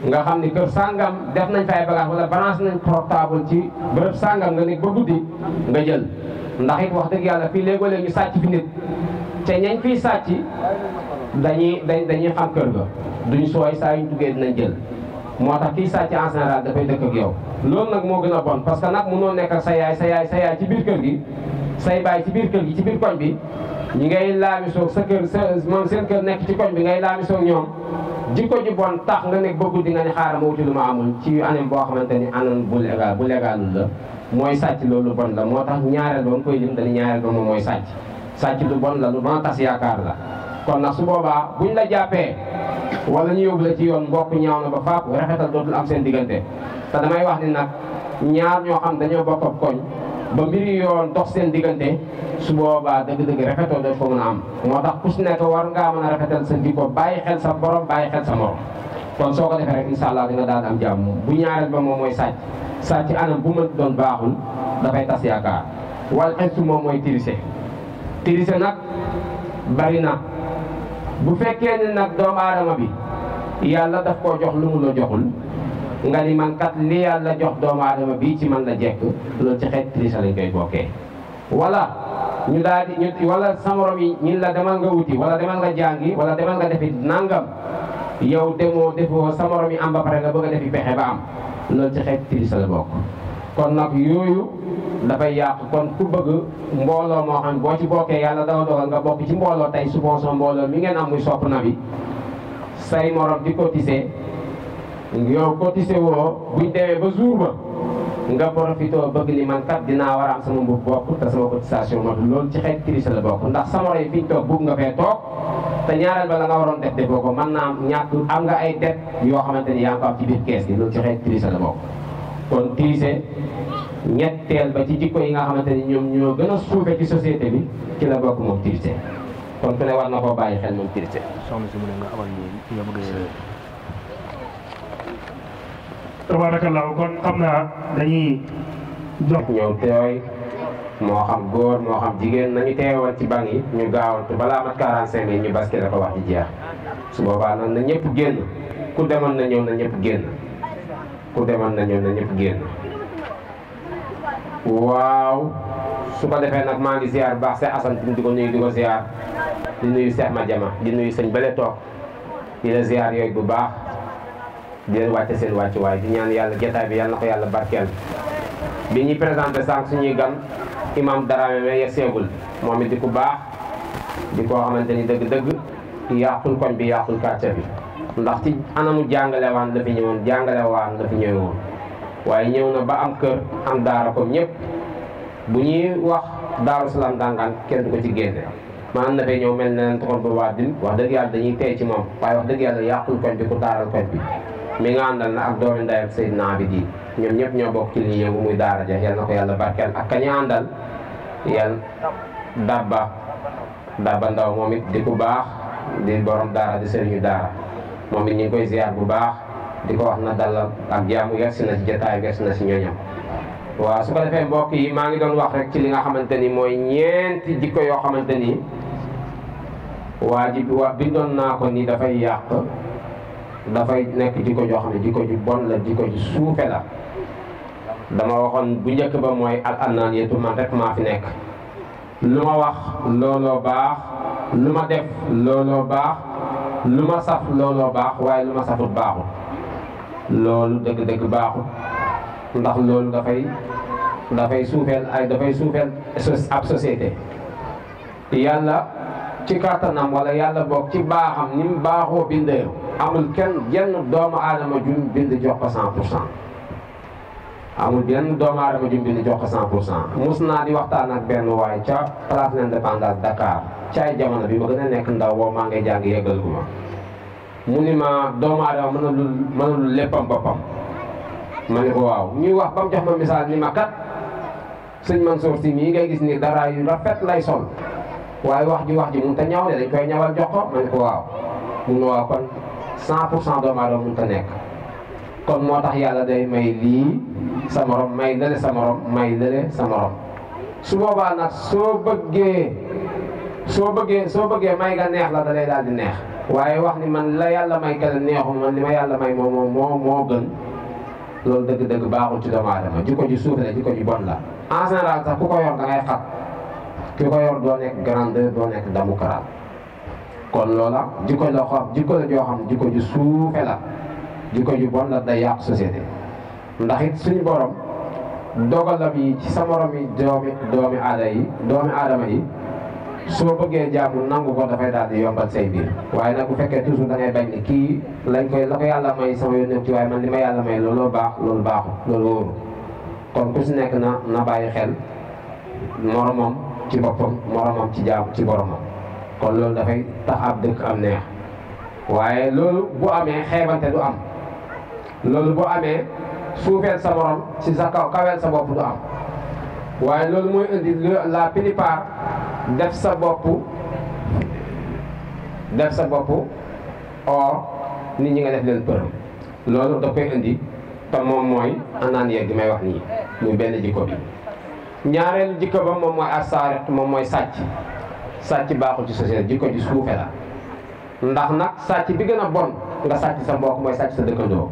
nga xam ni kër sàngam def nañ fay bagage wala balance nañ portable ci bërëb sàngam nga nekk ba guddi nga jël ndax it wax dëgg yàlla fii léegoo-léeg ñu sàcc fi nit te ñañ fiy sàcc dañuy dañuy xam kër ga duñ sooy saa yuñ duggee jël moo tax kiy sàcc en général dafay dëkk ak yow loolu nag moo gën a bon parce que nag mënoo nekk ak sa yaay sa yaay sa yaay ci biir kër gi say baay ci biir kër gi ci biir koñ bi ñu ngay laamisoog sa kër sa moom seen kër nekk ci koñ bi ngay laamisoog ñoom jikko ji bon tax nga nekk bëggul di nga ne xaaral ma wuti lu ma amul ci anam boo xamante ni anam bu légal bu légalul la mooy sàcc loolu bon la moo tax ñaareel ba nga koy lim dañu ñaareel ba moom mooy sàcc sàcc lu bon a yaakaar la kon nag su boobaa buñ la jàppee wala ñu yóbbu la ci yoon mbokk ñaaw na ba faatu rafetal dootul am seen diggante te damay wax ni nag ñaar ñoo am dañoo bokk ab koñ ba mbiri yoon dox seen diggante su boobaa dëgg-dëgg rafetoo dootu ko mën a am moo tax ku si nekk war ngaa mën a sa jikko bàyyi xel sa borom bàyyi xel sa morom kon soo ko defee rek incha allah dina daal am jàmm bu ñaareel ba moom mooy sàcc sàcc anam bu mën doon baaxul dafay tas yaakaar wal xestu moom mooy tirise na bu fekkee ne nag doomu aadama bi yàlla daf koo jox lu mu la joxul nga ni mankat kat li yàlla jox doomu aadama bii ci man la jekk loolu ci xeet triche lañ koy bokkee wala ñu daal di wala sa morom yi ñin la demal nga wuti wala demal nga jàngi wala demal nga defi nangam yow demoo defoo sa morom yi am ba pare nga bëgg a defi pexe ba am loolu ci xeet triche la bokk kon nag yooyu dafay yàqu kon ku bëgg mbooloo moo xam boo ci bokkee yàlla dama dogal nga bokk ci mbooloo tey supposons mbooloo mi ngeen am muy sopp na bi say morom di cotiser yow cotiser woo buñ demee ba jour ba nga profité bëgg ni man kat dinaa war sama mbub bopp te sama cotisation loolu ci xeet crise la bokk ndax sa moroom yi fi ñu toog bëgg nga fee toog te ñaareel ba la nga waroon def defoo ko man naa ñàkk am nga ay det yoo xamante ni yaa ngi am ci biir kees gi loolu ci xeet la bokk ñetteel ba ci jikko yi nga xamante ni ñoom ñoo gën a suufe ci société bi ci la bokk moom tirité kon ku ne war na koo bàyyi xel moom tirité soxna si mu ne nga abal ñu kon xam naa dañuy jox ñëw teew moo xam góor moo xam jigéen nañu teewal ci banc yi ñu gaawantu balaa mat 45 yi ñu basket ko wax ji jeex su boobaa nag na ñëpp génn ku demoon na ñëw na ñëpp génn ku demoon na ñëw na ñëpp génn waaw su ko defee nag maa ngi ziar baax Cheikh Assane Tine di ko nuyu di ko ziar di nuyu Cheikh Madiama di nuyu sëñ Bale toog di la ziar yooyu bu baax di leen wàcce seen wàccuwaay di ñaan yàlla jotaay bi yàlla na ko yàlla barkeel. bi ñuy présenté sànq suñuy gan imam Dramé mais ya seegul moom it di ku baax di koo xamante ni dëgg-dëgg yàqul koñ bi yàqul quartier bi ndax ci anamu jàngalewaan la fi ñëwoon jàngalewaan la fi ñëwoon. waaye ñëw na ba am kër am daara comme ñëpp bu ñuy wax daaru salaam dàngaan kenn du ko ci génne ma am na fee ñëw mel ne leen toxal ba waa din wax dëgg yàlla dañuy tey ci moom waaye wax dëgg yàlla yàqul koñ bi ku daaral koñ bi mi nga àndal na ak doomi ndey ak Seydina bi di ñoom ñëpp ñoom bokk ci li ñuy yëngu muy daara ja yal na ko yàlla barkeel ak kañu àndal yal dabba dabba moom it di ku baax di borom daara di sëriñu daara moom it ñu koy ziar bu baax di ko wax na dal ak jaamu yegsi na si jataay yegsi na si ñooñam waaw su ko defee mbokk yi maa ngi doon wax rek ci li nga xamante ni mooy ñeenti jikko yoo xamante ni waa ji wa bindoon naa ko nii dafay yàq dafay nekk jikko joo xam ne jikko ju bon la jikko ju suufe la dama waxoon bu njëkk ba mooy al anaan yetu man rek maa fi nekk lu ma wax looloo baax lu ma def looloo baax lu ma saf looloo baax waaye lu ma safut baaxu loolu dëgg-dëgg baaxul ndax loolu dafay dafay suufeel ay dafay suufeel ab société yàlla ci kàttanam wala yàlla boog ci baaxam ni baaxoo bindee amul kenn jenn doomu aadama jum bind jox ko cent pour cent amul benn doomu aadama jum bind jox cent pour cent mus naa di waxtaan ak benn waay ca place l'Indépendance Dakar ca ay jamono bi ma gën a nekk ndaw boo maa ngi jàng yëgal gu mu ni ma doomu aadama mënalul mënalul léppam boppam ma ne ko waaw ñuy wax ba mu jox ma misaal ni ma kat sëñ Mansour si mii ngay gis ni dara yu rafet lay sol waaye wax ji wax ji mënut a ñaw ne dañ koy ñawal jox ko ma ne ko waaw mun na waaw kon 100 pour cent doomu aadama mënut nekk kon moo tax yàlla day may lii sa morom may lële sa morom may lële sa morom su boobaa nag soo bëggee soo bëggee soo bëggee may nga neex la da lay daal di neex waaye wax ni man la yàlla may keneen neexu man li ma yàlla may moom moom moo gën loolu dëgg-dëgg baaxul ci doomu aadama jikko ji suufe la jikko ji bon la. en sax ku ko yor da ko yor doo nekk doo nekk démocrate loola jikko la xam jikko xam jikko ji suufe la jikko ji bon la day yàq société ndax it suñu boroom dogalam yi ci sa morom yi doomi doomi aadama yi. soo bëggee jaamu nangu ko dafay daal di yombal say biir waaye nag bu fekkee toujours da ngay bañ ni kii lañ koy la ko yàlla may sama yoon ci waaye man li ma yàlla may looloo baax loolu baaxu loolu wóoru kon ku si nekk na na bàyyi xel moromam ci boppam moromam ci jaamu ci boromam kon loolu dafay tax ab dëkk am neex waaye loolu bu amee xeebante du am loolu bu amee suufeel sa morom ci sa kaw kaweel sa bopp du am waaye loolu mooy indi la plupart def sa boppu def sa bopp or nit ñi nga def leen përëm loolu da koy indi te moom mooy anaan yeeg gi may wax nii muy benn jikko bi ñaareelu jikko ba moom mooy asaariq moom mooy sàcc sàcc baaxul ci société jikko ji suufe la ndax nag sàcc bi gën a bon nga sàcc sa mbokk mooy sàcc sa dëkkandoo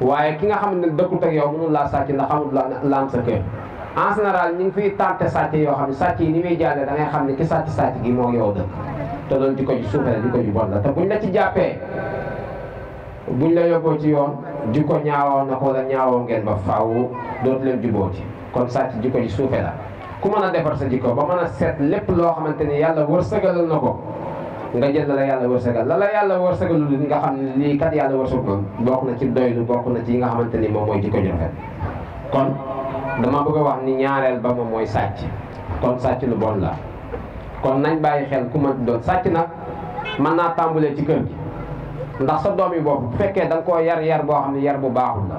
waaye ki nga xam ne dëkkut ak yow mënul laa sàcc ndax xamul la laam sa kër en général ñu ngi fiy tànte sàcc yoo xam ne sàcc yi ni muy jàllee da xam ne ki sàcc sàcc gi moo yow dëkk te doon jikko ju suufee jikko ju bon la te buñ la ci jàppee buñ la yóbboo ci yoon jikko ñaawoo na ko la ñaawoo ngeen ba faaw dootu leen juboo ci kon sàcc jikko ju suufee la ku mën a defar sa jikko ba mën a seet lépp loo xamante ni yàlla wërsëgalal na ko nga jël la la yàlla wërsëgal la la yàlla wërsëgalul li nga xam ne lii kat yàlla wërsëgal bokk na na ci yi nga xamante ni moom mooy jikko ju rafet dama bëgg a wax ni ñaareel ba moom mooy sàcc kon sàcc lu bon la kon nañ bàyyi xel ku mënti doon sàcc nag mën naa tàmbulee ci kër gi ndax sa doom yi boobu bu fekkee danga nga koo yar yar boo xam ne yar bu baaxul la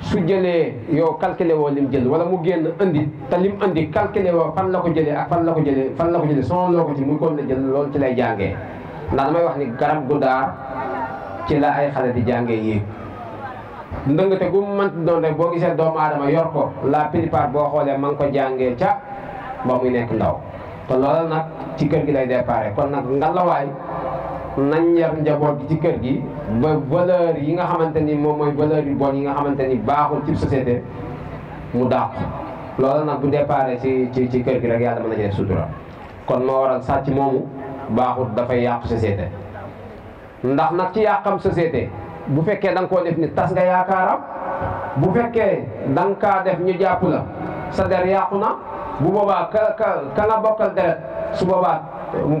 su jëlee yow calculer woo lim jël wala mu génn indi te lim indi calculer woo fan la ko jëlee ak fan la ko jëlee fan la ko jëlee sonal loo ko ci muy la jël loolu ci lay jàngee ndax damay wax ni garab gu daar ci la ay xale di jàngee yéeg ndëngate gu mu mënti doon boo gisee doomu aadama yor ko la plupart boo xoolee ma ngi ko jàngee ca ba muy nekk ndaw te loolu nag ci kër gi lay déparé kon nag ngalawaay nañ yar njaboot gi ci kër gi ba valeur yi nga xamante ni moom mooy valeur yu bon yi nga xamante ni baaxul ci société mu dàqu loolu nag bu déparé ci ci ci kër gi rek yàlla mën na cee sutura kon moo waral sàcc moomu baaxul dafay yàqu société ndax nag ci yàqam société bu fekkee da nga koo def ni tas nga yaakaaram bu fekkee da kaa def ñu jàpp la sa der yàqu na bu boobaa ka ka ka nga bokkal deret su boobaa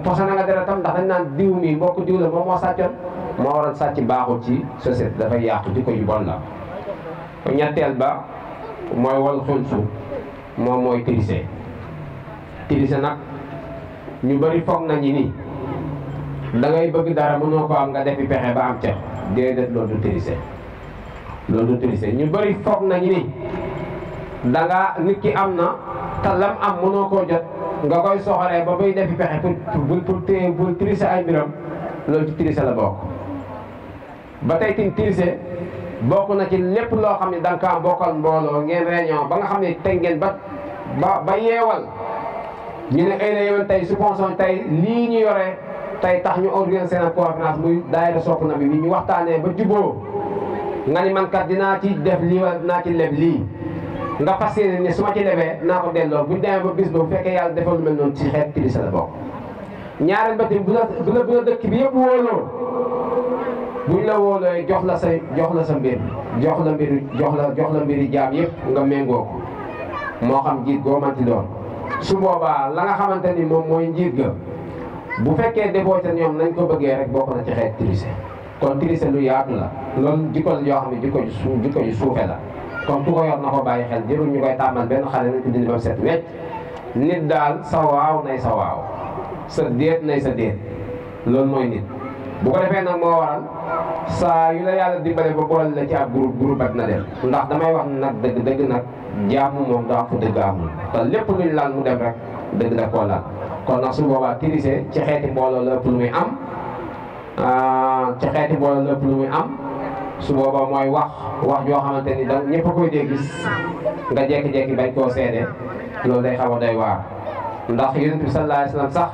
posé na nga deretam ndax dañ naan diw mi mbokk diw la moom moo sàccoon moo waral sàcc baaxul ci société dafay yàqu di ko yu bon la ñetteel ba mooy wal xulsu moom mooy tirise tirise nag ñu bëri foog nañu ni da ngay bëgg dara mënoo ko am nga defi pexe ba am ca déedéet loolu du tricher loolu du ñu bëri foog nañu ni da nga nit ki am na te lam am mënoo koo jot nga koy soxalee ba bay defi pexe pour pour pour tricher ay mbiram loolu ci tricher la bokk. ba tey tim tricher bokk na ci lépp loo xam ne da nga kaa bokkal mbooloo ngeen réunion ba nga xam ne tey ba ba ba yeewal ñu ne ay na yoon tey su ponson tey lii ñu yore. tey tax ñu organisé na conférence muy daayira sopp na bi ñu waxtaanee ba juboo nga ni man kat dinaa ci def lii wala dinaa ci leb lii nga fas yéene ne su ma ci lebee naa ko delloo bu ñu demee ba bis ba bu fekkee yàlla defal mel noonu ci xeet kilisa boo bokk. ñaareel bu la bu la dëkk bi yëpp wóoloo buñ la wóolooyee jox la sa jox la sa mbir jox la mbir jox la jox la mbiri jaam yëpp nga méngoo ko moo xam jiit goo manti doon su boobaa la nga xamante ni moom mooy njiit ga. bu fekkee defoo ca ñoom nañ ko bëggee rek bokk na ci xeet triché kon triché lu yaatu la loolu jikko yoo xam ne jikko ju suuf jikko ju suufe la kon ku ko yor na ko bàyyi xel jërul ñu koy tàmmal benn xale nañ ko dindi ba set wecc nit daal sa waaw nay sa waaw sa déet nay sa déet loolu mooy nit bu ko defee nag moo waral saa yu la yàlla dimbale ba boole la ci ab groupe groupe ak na dem ndax damay wax na nag dëgg dëgg nag jaamu moom daa fu dëgg amul lépp luñ laal dem rek dëgg da koo laal kon nag su boobaa tirise ci xeeti mbooloo la ëpp lu muy am ah, ci xeeti mbooloo la ëpp lu muy am su boobaa mooy wax wax joo xamante ni da ñëpp a koy dee gis nga jékki-jékki bañ koo seede loolu day xaw a day waa ndax yonent bi sallallahu alayhi wasallam sax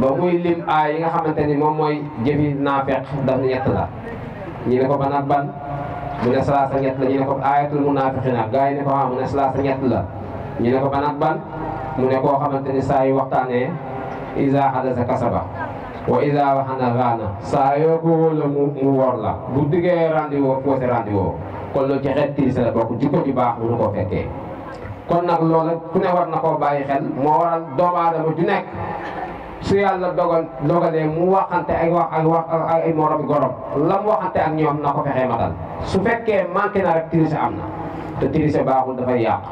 ba muy lim aay yi nga xamante ni moom mooy jëfi naafeq daf ñett la ñi ne ko ban ak ban mu ne salaasa ñu ne ko aayatul munaafiqiina gaa yi ne ah, la ban mu ne koo xamante ni saa yu waxtaanee isa xadasa kasaba wa isa waxana raana saa yoo ko wóor la mu mu wor la bu diggee rendez-vous fausse rendez-vous kon loolu ci xeet la bokk jikko ju baax mënu koo fekkee kon nag loola ku ne war na koo bàyyi xel moo waral doomu aadama ju nekk su yàlla dogal dogalee mu waxante wax ak wax ak ay moromi gorom la mu waxante ak ñoom na ko fexee matal su fekkee manqué na rek tirise am na te tirise baaxul dafay yàq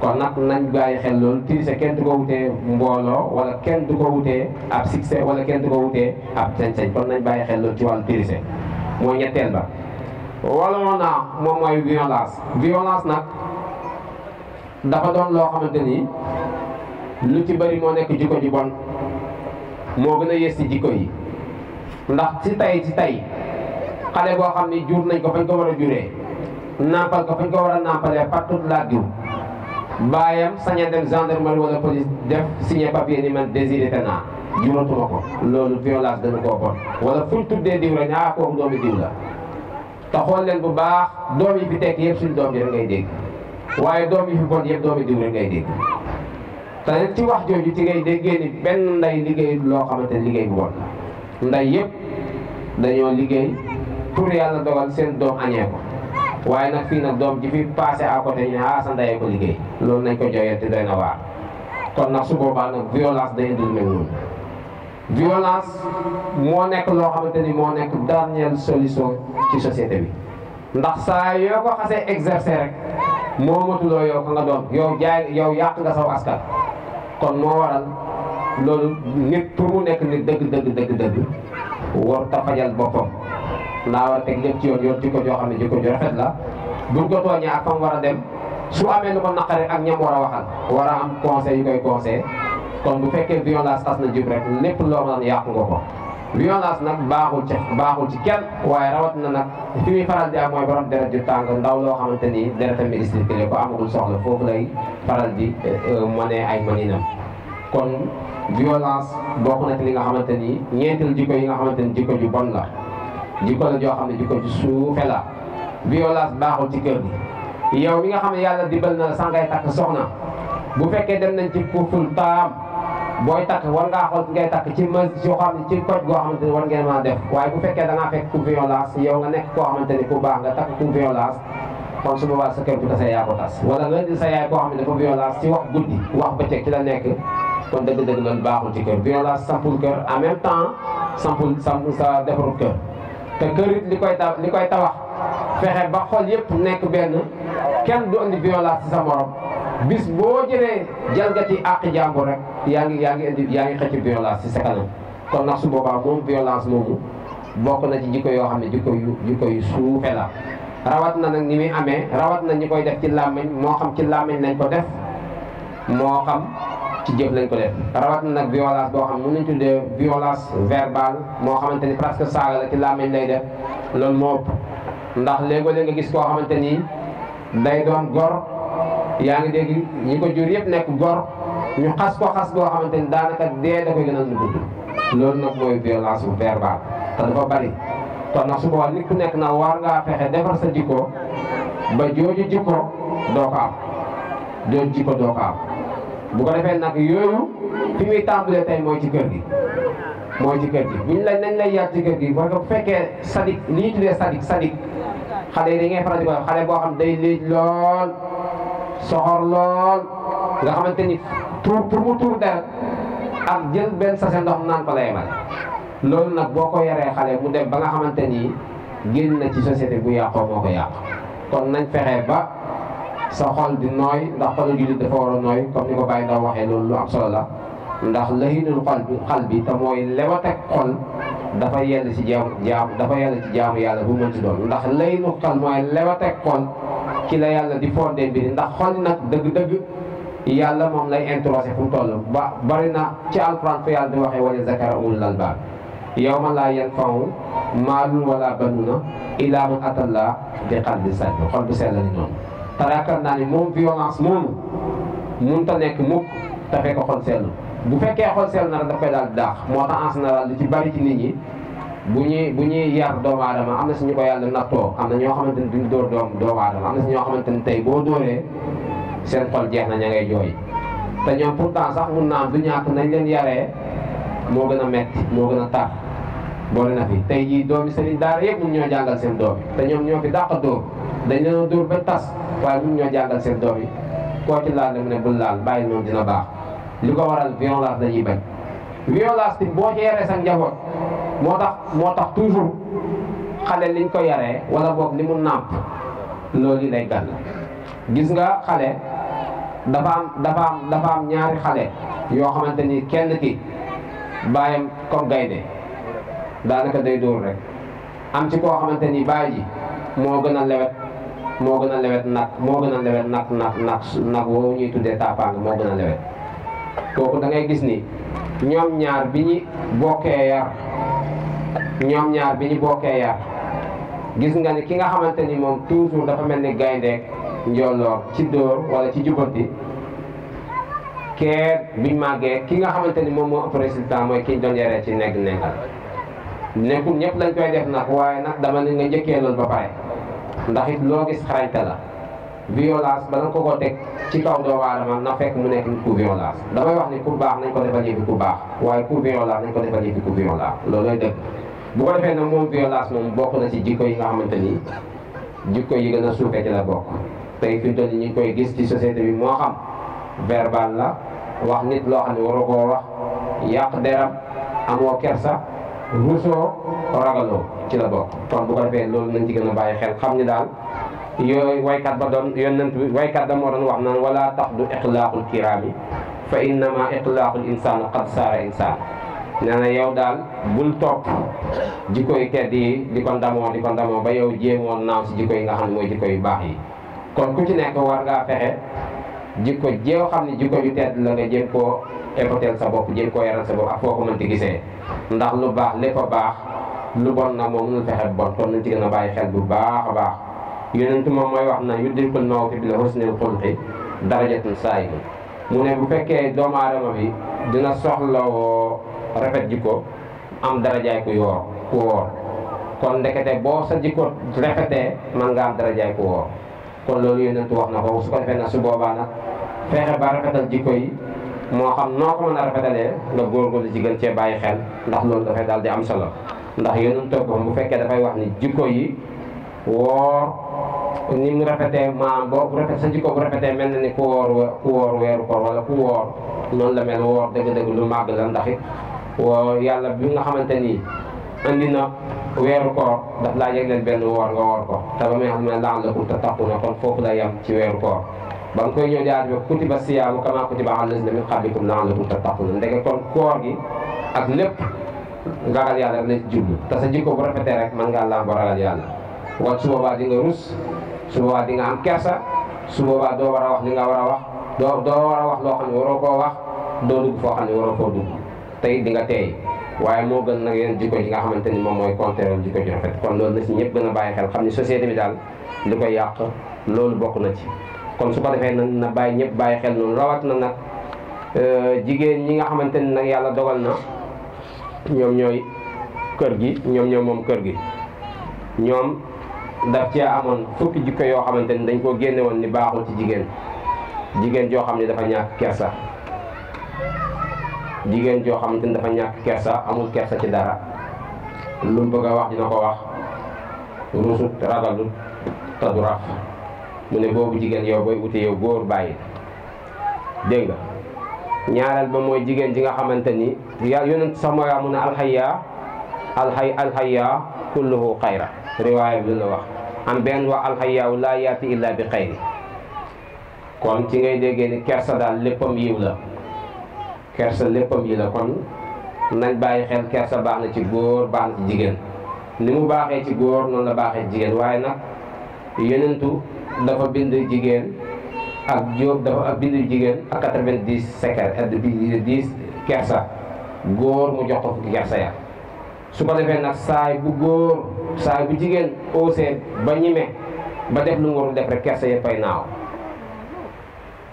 kon nag nañ bàyyi xel loolu tricher kenn du ko wutee mbooloo wala kenn du ko wutee ab succès wala kenn du ko wutee ab sañ-sañ kon nañ bàyyi xel loolu ci wàllu tricher moo ñetteel ba waloon naa moom mooy violence violence nag dafa doon loo xamante ni lu ci bëri moo nekk jikko ji bon moo gën a yées ci jikko yi ndax ci tay ci tay xale boo xam ni jur nañ ko fañ ko war a juree nàmpal ko fañ ko war a nàmpalee partout la jur baayam sañ a dem gendarmerie wala police def signé papier ni man désiré naa juratuma ko loolu violence dana koo bon wala fuñ tuddee diw rek ah kooku doomi diw la te xool leen bu baax doom yi fi tekk yëpp suñ doom yi rek ngay dégg waaye doom yi fi bon yëpp doomi diw rek ngay dégg te nag ci wax jooju ci ngay déggee ni benn nday liggéey loo xamante ne liggéey bu bon nday yëpp dañoo liggéey pour yàlla dogal seen doom añee ko waaye nag fii nag doom ji fi passé à côté ñu ne ah sa ndeyee ko liggéey loolu nañ ko jooyal te doy na waar kon nag su boobaa nag violence day indil mel moo nekk loo xamante ni moo nekk dernière solution ci société bi ndax saa yoo ko xasee exercer rek moo matuloo yow ka nga doon yow jaay yow yàq nga saw askan kon moo waral loolu nit pour mu nekk nit dëgg dëgg dëgg dëgg war ta boppam daa war a teg lépp ci joo xam ne jikko ju rafet la buñ ko ak fa war a dem su amee lu ko naqaree ak ñam war a waxal war a am conseil yu koy conseil kon bu fekkee violence tas na jub rek lépp loo mën yàqu nga ko violence nag baaxul ci baaxul ci kenn waaye rawat na nag fi muy faral di am mooy borom deret ju tàng ndaw loo xamante ni deretam bi ko amagul soxla foofu lay faral di euh, mënee ay mëninam kon violence bokk na ci li nga xamante ni ñeental jikko yi nga xamante ni jikko ju bon la jikko la joo xam ne jikko ci suufe la violence baaxul ci kër gi yow mi nga xam ne yàlla dibal na la sangay takk soxna bu fekkee dem nañ ci kuful taam booy takk war ngaa xool ngay takk ci ma yoo xam ne ci koj goo xamante ne war ngeen mën a def bu fekkee da ngaa fekk ku nekk koo xamante ne ku baax nga takk ku violence kon su boobaa sa kër bu ko tas wala nga di sa yaay koo xam ne dafa violence ci wax guddi wax bëccëg ci la nekk kon dëgg-dëgg loolu baaxul ci kër violence sampul kër en même temps sampul samp sa defarul kër te kër li koy da li koy tabax fexe ba xol yëpp nekk benn kenn du andi violence ci sa morom bis boo jëlee jalgati àq jàmbur rek yaa ngi yaa ngi indi yaa ngi xëcc violence ci sa kanam kon nag su boobaa moom violence moomu bokk na ci jikko yoo xam ne jikko yu jikko yu suufe la rawat na nag ni muy amee rawat na ñi koy def ci làmmiñ moo xam ci làmmiñ nañ ko def moo xam ci jëf lañ ko def rawat na nag violence boo xam mën nañ tuddee violence verbale moo xamante ni presque saaga la ci làmmiñ lay def loolu moo ndax léegoo-léeg nga gis koo xamante ni day doon gor yaa ngi dégg ñi ko jur yëpp nekk gor ñu xas ko xas boo xamante ni daanaka dee da koy gën a mujj loolu nag mooy violence verbale te dafa bari kon nag su boobaa nekk na war ngaa fexe defar sa jikko ba jooju jikko doo ko am jooju doo ko bu ko defee nag yooyu fi muy tàmbalee tey mooy ci kër gi mooy ci kër gi buñ lañ nañ lay yaat ci kër gi parce bu fekkee sadik li ñuy tuddee sadik sadik xale ngay faral di ko boo xam day liij lool soxor nga xamante ni tuur pour mu tuur deret ak jël benn sachet ndox naan ko lay male loolu nag boo ko yaree xale mu dem ba nga xamante ni génn na ci société bu yàqoo moo ko yàq kon nañ fexe ba sa xol di nooy ndax xolu jullit dafa war a nooy comme ni ko Baye Ndao waxee loolu lu am solo la ndax lahinul xol bi xal bi te mooy lewateeg xol dafa yell ci jaamu jaamu dafa yell ci jaamu yàlla bu mën ci doon ndax lahinul xol mooy lewateeg xol ki la yàlla di fondé mbiri ndax xol nag dëgg-dëgg yàlla moom lay introsé fu mu toll ba bari na ci alxuraan fu yàlla di waxee wala zakara ulul albaab yawma laa yanfa'u maalun wala banuuna illaa man atallaa bi qalbin saliim xol bu sell la ni te yaakaar naa ni moom violence moomu mënut ta nekk mukk te fekk xol sell bu fekkee xol sell na rek daal di daax moo tax na général li ci bari ci nit ñi bu ñuy bu ñuy yar doomu aadama am na si ñu ko yàlla nattoo am na ñoo xamante ni duñ dóor doom doomu am na si ñoo xamante ni tey boo dóoree seen xol jeex na ña ngay jooy te ñoom pourtant sax mun naa am du ñàkk nañ leen yaree moo gën a metti moo gën a tar boole na fi tey jii doom sëriñ daar yëpp mun ñoo jàngal seen doom te ñoom ñoo fi dàq dañ leen a dóor ba tas waaye ñun ñoo jàngal seen doom yi koo ci laal dem ne bul laal bàyyi noonu dina baax li ko waral violence la bañ violence tamit boo ci yaree sa njaboot moo tax moo tax toujours xale liñ ko yaree wala boog li mu nàmp loolu yi lay gàll gis nga xale dafa am dafa am ñaari xale yoo xamante ni kenn ki bàyyam comme gaynde daanaka day dóor rek am ci koo xamante ni bàyyi ji moo gën a lewet moo gën a lewet nag moo gën a lewet nag nag nag nag woowu ñuy tuddee taapaang moo gën a lewet kooku da gis ni ñoom ñaar bi ñu bokkee yar ñoom ñaar bi ñu bokkee yar gis nga ni ki nga xamante ni moom toujours dafa mel ni gayndeek njolloor ci dóor walla ci jubbanti kee biñ màggee ki nga xamante ni moom moo ëpp résultat mooy kiñ doon ci nekk nekkal nekkul ñëpp lañ koy def nag waaye nag dama ni nga njëkkee loolu ba pare ndax it loo gis xarañte la violence ba na ko ko teg ci kaw doomu aadama na fekk mu nekk nit ku violence damay wax ni ku baax nañ ko defal yëfi ku baax waaye ku violence nañ ko defal yëfi ku violence loolooy dëgg bu ko defee nag moom violence moom bokk na ci jikko yi nga xamante ni jikko yi gën a suufee ci la bokk tey fi mu ñu ngi koy gis ci société bi moo xam verbal la wax nit loo xam ne waroo koo wax yàq deram amoo kersa ruusoo ragaloo ci la bokk kon bu ko defee loolu nañ ci gën a bàyyi xel xam ni daal yooyu waykat ba doon yonent bi waykat da moo doon wax naan wala tax du ixlaaqul kiraami fa innama ixlaaqul insaan qad saara insaan nee na yow daal bul topp jikkoy tedd yi di ko ndamoo di ko ndamoo ba yow jéemoon naaw si jikko yi nga xam ne mooy jikko yu baax yi kon ku ci nekk war ngaa fexe jikko jéew xam ne jikko ju tedd la nga jéem koo écouter sa bopp jéem koo yaral sa bopp ak foo ko gisee ndax lu baax lépp a baax lu bon na moo mënul fexe bon kon nañ ci gën a bàyyi xel bu baax a baax yonent moom mooy wax na yudrikul mawtu bil husnil xulqi darajatin saay mu ne bu fekkee doomu aadama bi dina soxlawoo rafet jikko am darajaay ku yoor ku woor kon ndekete boo sa jikko rafetee man nga am darajaay ku woor kon loolu yonent wax na ko su ko defee su boobaa nag fexe ba rafetal jikko yi moo xam noo ko mën a rafetalee nga ci gën cee bàyyi xel ndax loolu dafay daal di am solo ndax yonent boppam bu fekkee dafay wax ni jikko yi woor ni mu rafetee maam boo rafet sa jikko bu rafetee mel na ni ku woor ku weeru koor wala ku woor noonu la mel woor dëgg-dëgg lu màgg la ndax woo yàlla bi nga xamante ni andi na weeru koor daf laa yëgleel benn woor nga woor ko te ba muy xam ne laan la ta taxu na kon foofu la yem ci weeru ko ba nga koy ñëw di aat bi kutiba siyaamu kama kutiba alal lazina min qablikum laan la ta taxu na ndege kon koor gi ak lépp ragal yàlla rek la ci jublu te sa jikko bu rafetee rek mën ngaa làmboo ragal yàlla wat su boobaa di nga rus su boobaa di nga am kersa su boobaa doo war a wax li nga war a wax doo doo war a wax loo xam ne waroo koo wax doo dugg foo xam ne waroo koo dugg tey di nga teey waaye moo gën nag yeneen jikko yi nga xamante ni moom mooy contraire jikko ci rafet kon loolu la si ñëpp gën a bàyyi xel xam ne société bi daal li koy yàq loolu bokk na ci kon su ko defee nag na bàyyi ñi nga xamante ni nag eh, yàlla dogal na ñoom ñooy kër gi ñoom ñoom moom kër gi ñoom daf cee amoon fukki jikko yoo xamante ni dañ koo génne woon ni baaxul ci jigéen jigéen joo xam ne dafa ñàkk kersa jigéen joo xamante ni dafa ñàkk kersa amul kersa ci dara lu mu wax dina ko wax rusut ragalut tadu raf mu ne boobu jigéen yow booy ute yow góor bàyyi dégg nga ñaareel ba mooy jigéen ji nga xamante ni ya yonent sax mooy mu ne alxaya alxay alxaya xayra riwaaya bi la wax am benn wax alxayaawu laa yaati illa bi xayri kon ci ngay déggee ni kersa daal léppam yiw la kersa léppam yiw la kon nañ bàyyi xel kersa baax na ci góor baax na ci jigéen ni mu baaxee ci góor noonu la baaxee jigéen waaye nag yonentu dafa bind jigéen ak Diop dafa am bindu jigéen ak quatre-vingt-dix secret kersa góor mu jox ko fukki kersa ya su ko defee nag saay bu góor saay bu jigéen ausee ba ñime ba def lu mu warul def rek kersa ya fay naaw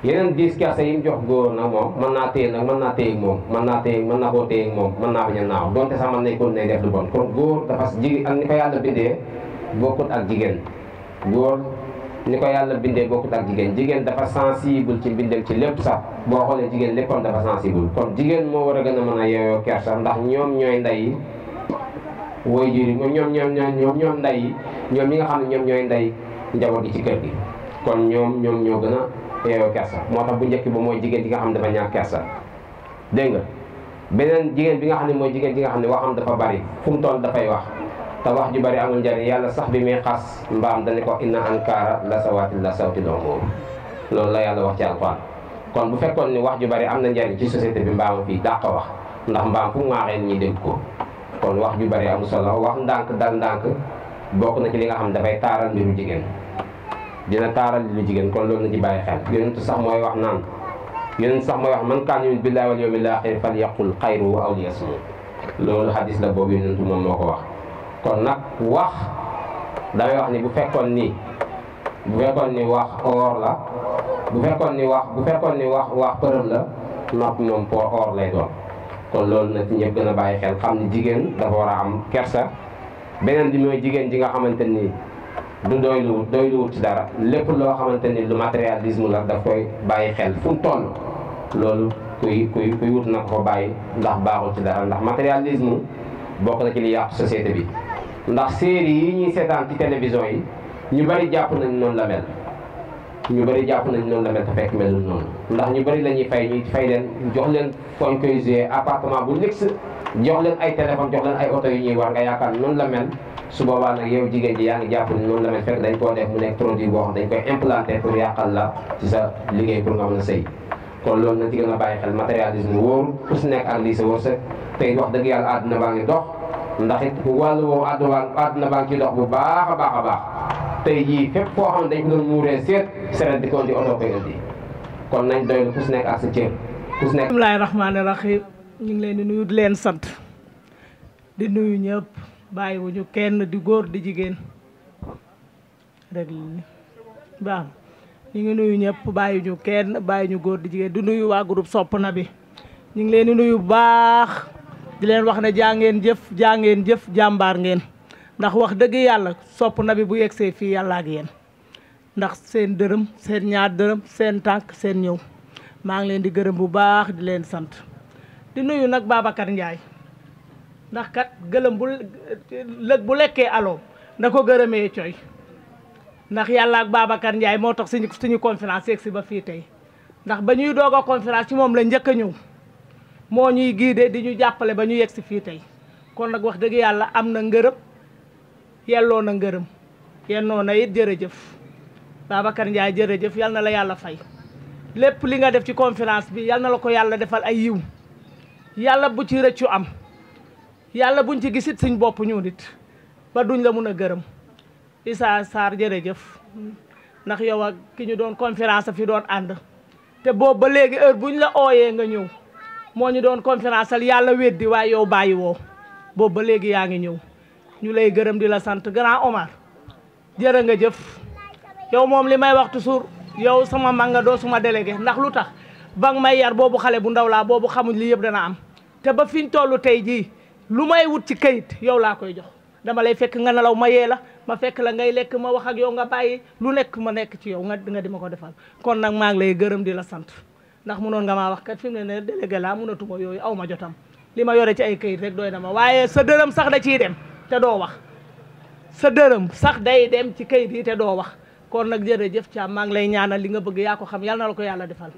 yeneen dix kersa yi mu jox góor nag moom mën naa téye nag mën naa téye moom mën naa téye mën naa koo téye moom mën naa bañ a naaw donte sax mën nañ ko ne def lu bon kon góor dafa jigéen ak ni ko yàlla bindee bokkut ak jigéen li ko yàlla bindee bokkut ak jigéen jigéen dafa sensible ci mbindeem ci lépp sax boo xoolee jigéen léppam dafa sensible kon jigéen moo war a gën a mën a yeyoo kersa ndax ñoom ñooy ndey yi wooy jur yi moom ñoom ñoom ñoom ñi nga xam ne ñoom ñooy ndey njaboot gi ci kër gi kon ñoom ñoom ñoo gën a yeyoo kersa moo tax bu njëkk ba mooy jigéen ji nga xam ne dafa ñàkk kersa dégg nga beneen jigéen bi nga xam ne mooy jigéen ji nga xam ne wax waxam dafa bari fu mu toll dafay wax te wax ju bari amul njariñ yàlla sax bi muy xas mbaam dañu ko inna ankaara la sawaati la sawti lomoom loolu la yàlla wax ci alquran kon bu fekkoon ni wax ju bari am na njariñ ci société bi mbaam fii dàq wax ndax mbaam fu maaxee ñi dégg ko kon wax ju bari amul solo wax ndànk dal ndànk bokk na ci li nga xam dafay taaral mbiru jigéen dina taaral lu jigéen kon loolu na ci bàyyi xel yonent sax mooy wax naan yonent sax mooy wax man kaan yu'minu billaahi wal yawmil aaxir falyaqul xayru aw liyasmut loolu hadis la boobu yonent moom moo ko wax kon nag wax damay wax ni bu fekkoon nii bu fekkoon ni wax or la bu fekkoon ni wax bu fekkoon ni wax wax përëm la nopp moom pour or lay doon kon loolu na ci ñëpp gën a bàyyi xel xam ni jigéen dafa war a am kersa beneen bi mooy jigéen ji nga xamante ni du doyluwut doyluwut ci dara lépp loo xamante ni lu matérialisme la daf koy bàyyi xel fu mu toll loolu kuy kuy kuy wut na ko bàyyi ndax baaxul ci dara ndax matérialisme bokk na ci li yàqu société bi ndax série yi ñuy seetaan ci télévision yi ñu bari jàpp nañ noonu la mel ñu bari jàpp nañ noonu la mel te fekk melul noonu ndax ñu bari la ñuy fay ñu fay leen jox leen koñ koy joué appartement bu luxe jox leen ay téléphone jox leen ay oto yu ñuy war nga yaakaar noonu la mel su boobaa nag yow jigéen ji yaa ngi jàpp ni noonu la mel fekk dañ koo def mu nekk produit boo xam dañ koy implanté pour yàqal la ci sa liggéey pour nga mën a sëy kon loolu na ci gën a bàyyi xel matérialisme wóoru ku si nekk ak lii sa wërsëg tey wax dëgg yàlla àdduna baa ngi dox ndax it wàllu woowu àdduna àdduna baa ngi ciy dox bu baax a baax a baax tey jii fépp foo xam ne dañ ko muuree seet seret di ko di oto koy indi kon nañ doylu ku si nekk ak sa cër ku si nekk. bismillaahi rahmaani rahiim ñu ngi leen di nuyu di leen sant di nuyu ñëpp bàyyiwuñu kenn di góor di jigéen ñu ngi nuyu ñëpp bàyyiwuñu kenn bàyyiwuñu góor di jigéen di nuyu waa groupe sopp na bi ñu ngi leen di nuyu bu baax. di leen wax ne jaa ngeen jëf jaa ngeen jëf jàmbaar ngeen ndax wax dëgg yàlla sopp na bi bu yegsee fii yàlla ak yéen ndax seen dërëm seen ñaar dërëm seen tànk seen ñëw maa ngi leen di gërëm bu baax di leen sant di nuyu nag baabakar njaay ndax kat gëlëm bu lëg bu lekkee aloom na ko gërëmee coy ndax yàlla ak Babacar moo tax suñu suñu conférence yegg si ba fii tey ndax ba ñuy doog a conférence ci moom la njëkk a ñëw moo ñuy guider di ñu jàppale ba ñu yegg si fii tey kon nag wax dëgg yàlla am na ngërëm yelloo na ngërëm yennoo na it jërëjëf Babacar Ndiaye jërëjëf yal na la yàlla fay lépp li nga def ci conférence bi yal na la ko yàlla defal ay yiw yàlla bu ci rëccu am yàlla buñ ci gisit suñ bopp ñu nit ba duñ la mun a gërëm Issa Sarr jëf ndax yow ak ki ñu doon conférence fi doon ànd te boobu ba léegi bu buñ la ooyee nga ñëw moo ñu doon conférence yàlla yàlla weddi waaye yow bàyyi woo boobu ba léegi yaa ngi ñëw ñu lay gërëm di la sant grand Omar jërë nga jëf yow moom li may wax toujours yow sama mag nga doo suma délégué ndax lu tax ba nga may yar boobu xale bu ndaw laa boobu xamuñ li yëpp dana am te ba fi ñu toll tey jii lu may wut ci kayit yow laa koy jox dama lay fekk nga nelaw ma yee la ma fekk la ngay lekk ma wax ak yow nga bàyyi lu nekk ma nekk ci yow nga nga di ma ko defal kon nag maa ngi lay gërëm di la sant ndax munoon nga maa wax kat fi mu ne ne délégué laa munatuma yooyu aw ma jotam li ma yore ci ay kayit rek dooy na ma waaye sa dërëm sax da ciy dem te doo wax sa dërëm sax day dem ci kayit yi te doo wax kon nag jërëjëf Thiam maa ngi lay ñaanal li nga bëgg yaa xam yal ko yàlla defal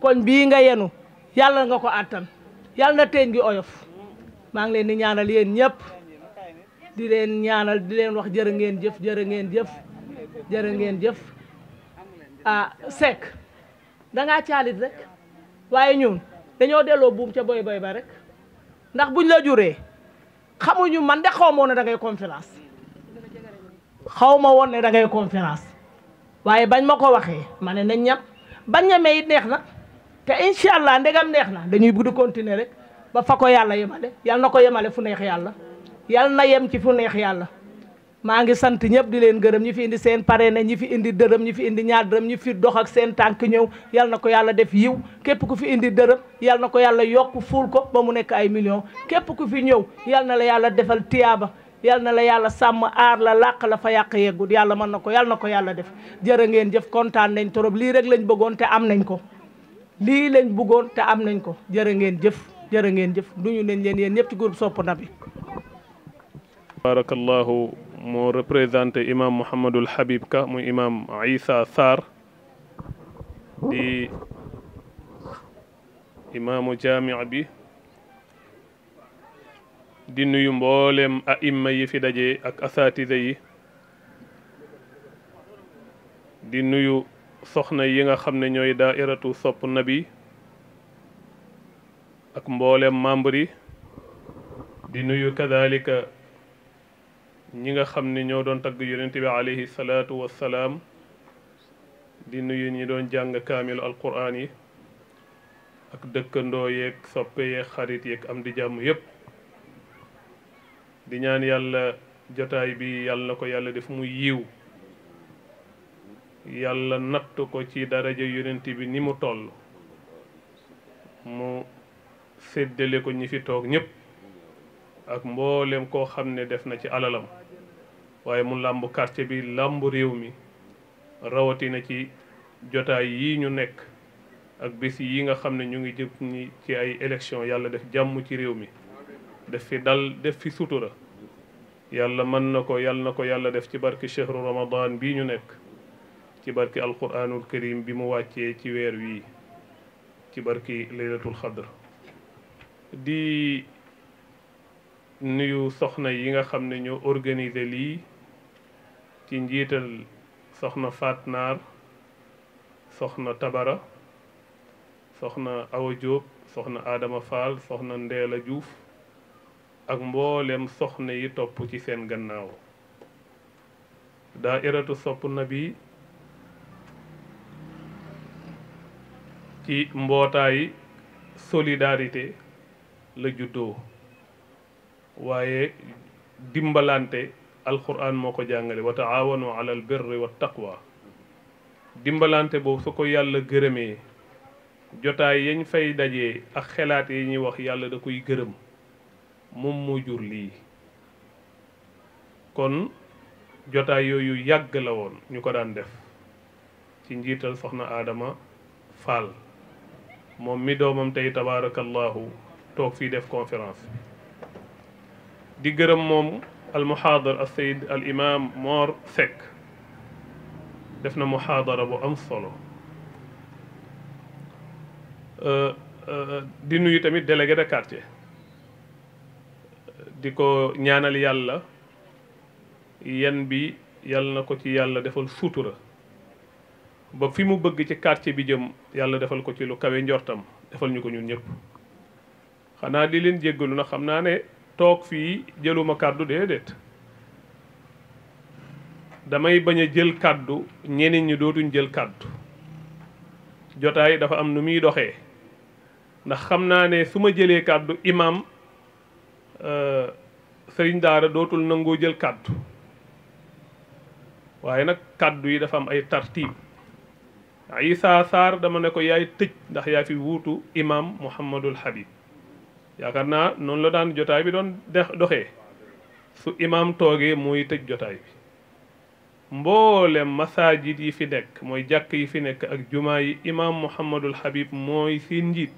kon bii nga yenu yàlla nga ko àttan yàlla na gi oyof maa ngi leen di ñaanal yéen ñëpp di leen ñaanal di leen wax jërë ngeen jëf jërë ngeen jëf jërë ngeen jëf ah dangaa caalit rek waaye ñun dañoo delloo buum ca boy boy ba rek ndax buñ la juree xamuñu man de xaw moo ne da ngay conférence xaw woon ne da ngay conférence waaye bañ ma ko waxee ma ne nañ ñam bañ ñamee it neex na te incha allah ndegam neex na dañuy bëgg continuer rek ba fa ko yàlla yemale yàlla na ko yemale fu neex yàlla yàlla na yem ci fu neex yàlla maa ngi sant ñëpp di leen gërëm ñi fi indi seen parrain ñi fi indi dërëm ñi fi indi ñaar dërëm ñi fi dox ak seen tànk ñëw yal na ko yàlla def yiw képp ku fi indi dërëm yal na ko yàlla yokk ful ko ba mu nekk ay millions képp ku fi ñëw yal na la yàlla defal tiyaaba yal na la yàlla sàmm aar la làq la fa yàq yeggul yàlla mën na ko yal na ko yàlla def jërë ngeen jëf kontaan nañ trop lii rek lañ bëggoon te am nañ ko lii lañ bëggoon te am nañ ko jërë ngeen jëf jërë ngeen jëf duñu neñ leen yéen ñëpp ci groupe bi moo représenté imam Mouhamadul Habib Ka muy imam Issa Sarr di imaamu jaamic bi di nuyu mboolem aimma yi fi daje ak asaatise yi di nuyu soxna yi nga xam ne ñooy daairatu sopp nabi ak mboolem membre yi di nuyu kadalika ñi nga xam ni ñoo doon tagg yonent bi alayhi salaatu salaam di nuyu ñi doon jàng kaamilu alquraan yi ak dëkkandoo yeeg soppe yeeg xarit yeeg am di jàmm yépp di ñaan yàlla jotaay bi yàlla ko yàlla def mu yiw yàlla natt ko ci daraja yonent bi ni mu toll mu séddale ko ñi fi toog ñépp ak mboolem koo xam ne def na ci alalam waaye mu làmb quartier bi làmb réew mi rawatina ci jotaay yi ñu nekk ak bis yi nga xam ne ñu ngi jëm ni ci ay élection yàlla def jàmm ci réew mi def fi dal def fi sutura yàlla mën na ko yàlla na ko yàlla def ci barki chehru ramadan bii ñu nekk ci barki alquranul karim bi mu wàccee ci weer wii ci barki laylatul xadr di nuyu soxna yi nga xam ne ñoo organiser lii ci njiital soxna Fat Naar soxna Tabara soxna Awa Diop soxna Adama Fall soxna Ndeela juuf ak mboolem soxna yi topp ci seen gannaaw daairatu sopp nabi ci mbootaay solidarité la juddoo waaye dimbalante alquran moo ko jàngale wa taawanu ala al birri wa taqwa dimbalante boo su ko yàlla gërëmee jotaay yañ fay daje ak xelaat yi ñuy wax yàlla da koy gërëm moom moo jur lii kon jotaay yooyu yàgg la woon ñu ko daan def ci njiital soxna aadama Fall moom mi doomam tey tabaarakallaahu toog fii def conférence di gërëm moom al muhaadar al sayid al imam moor Seck def na muhaadara bu am solo di nuyu tamit délégué de quartier di ko ñaanal yàlla yenn bi yàlla na ko ci yàlla defal suutura ba fi mu bëgg ci quartier bi jëm yàlla defal ko ci lu kawe njortam defal ñu ko ñun ñëpp xanaa di leen jéggalu na xam naa ne toog fii jëluma kàddu déedéet damay bañ a jël kàddu ñeneen ñi dootuñ jël kàddu jotaay dafa am nu muy doxee ndax xam naa ne su ma jëlee kàddu imaam euh, sëriñ daara dootul nangoo jël kàddu waaye nag kàddu yi dafa am ay tartiib Issa Sarr dama ne ko yaay tëj ndax yaa fi wuutu imaam Mouhamadul Habib yaakaar naa noonu la daan jotaay bi doon de doxee su imaam toogee mooy tëj jotaay bi mboolem masaajid yi fi nekk mooy jàkk yi fi nekk ak jumaa yi imaam Muhammadul Habib mooy seen njiit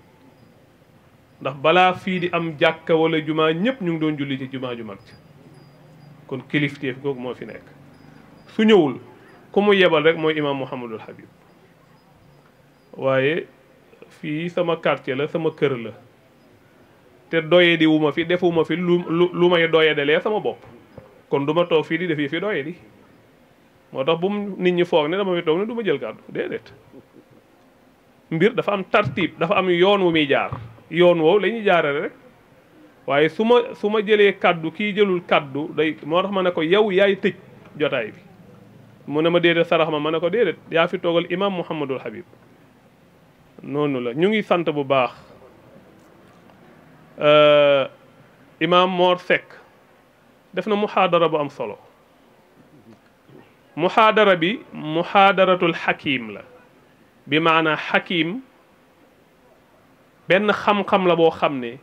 ndax balaa fii di am jàkka wala jumaa ñëpp ñu ngi doon julli ci jumaa ju mag kon kilifteef googu moo fi nekk su ñëwul ku mu yebal rek mooy imaam Muhammadul Habib waaye fii sama quartier la sama kër la te doyadi wu ma fi defuma fi lu lu may doyadalee sama bopp kon du ma toog fii di def yi fi doyadi moo tax bu mu nit ñi foog ne dama fi toog ne du ma jël kàddu déedéet mbir dafa am tartib dafa am yoon wu muy jaar yoon woow la ñuy jaarale rek waaye su ma su ma jëlee kàddu kii jëlul kàddu day moo tax ma ne ko yow yaay tëj jotaay bi mu ne ma déedéet sarax ma ma ne ko déedéet yaa fi toogal imam Mouhamadul Habib noonu la ñu ngi sant bu baax Euh, imaam Mor Seck def na muxaadara bu am solo muxaadara bi muxaadaratul xakim la bi maanaa xakim benn xam-xam la boo xam ne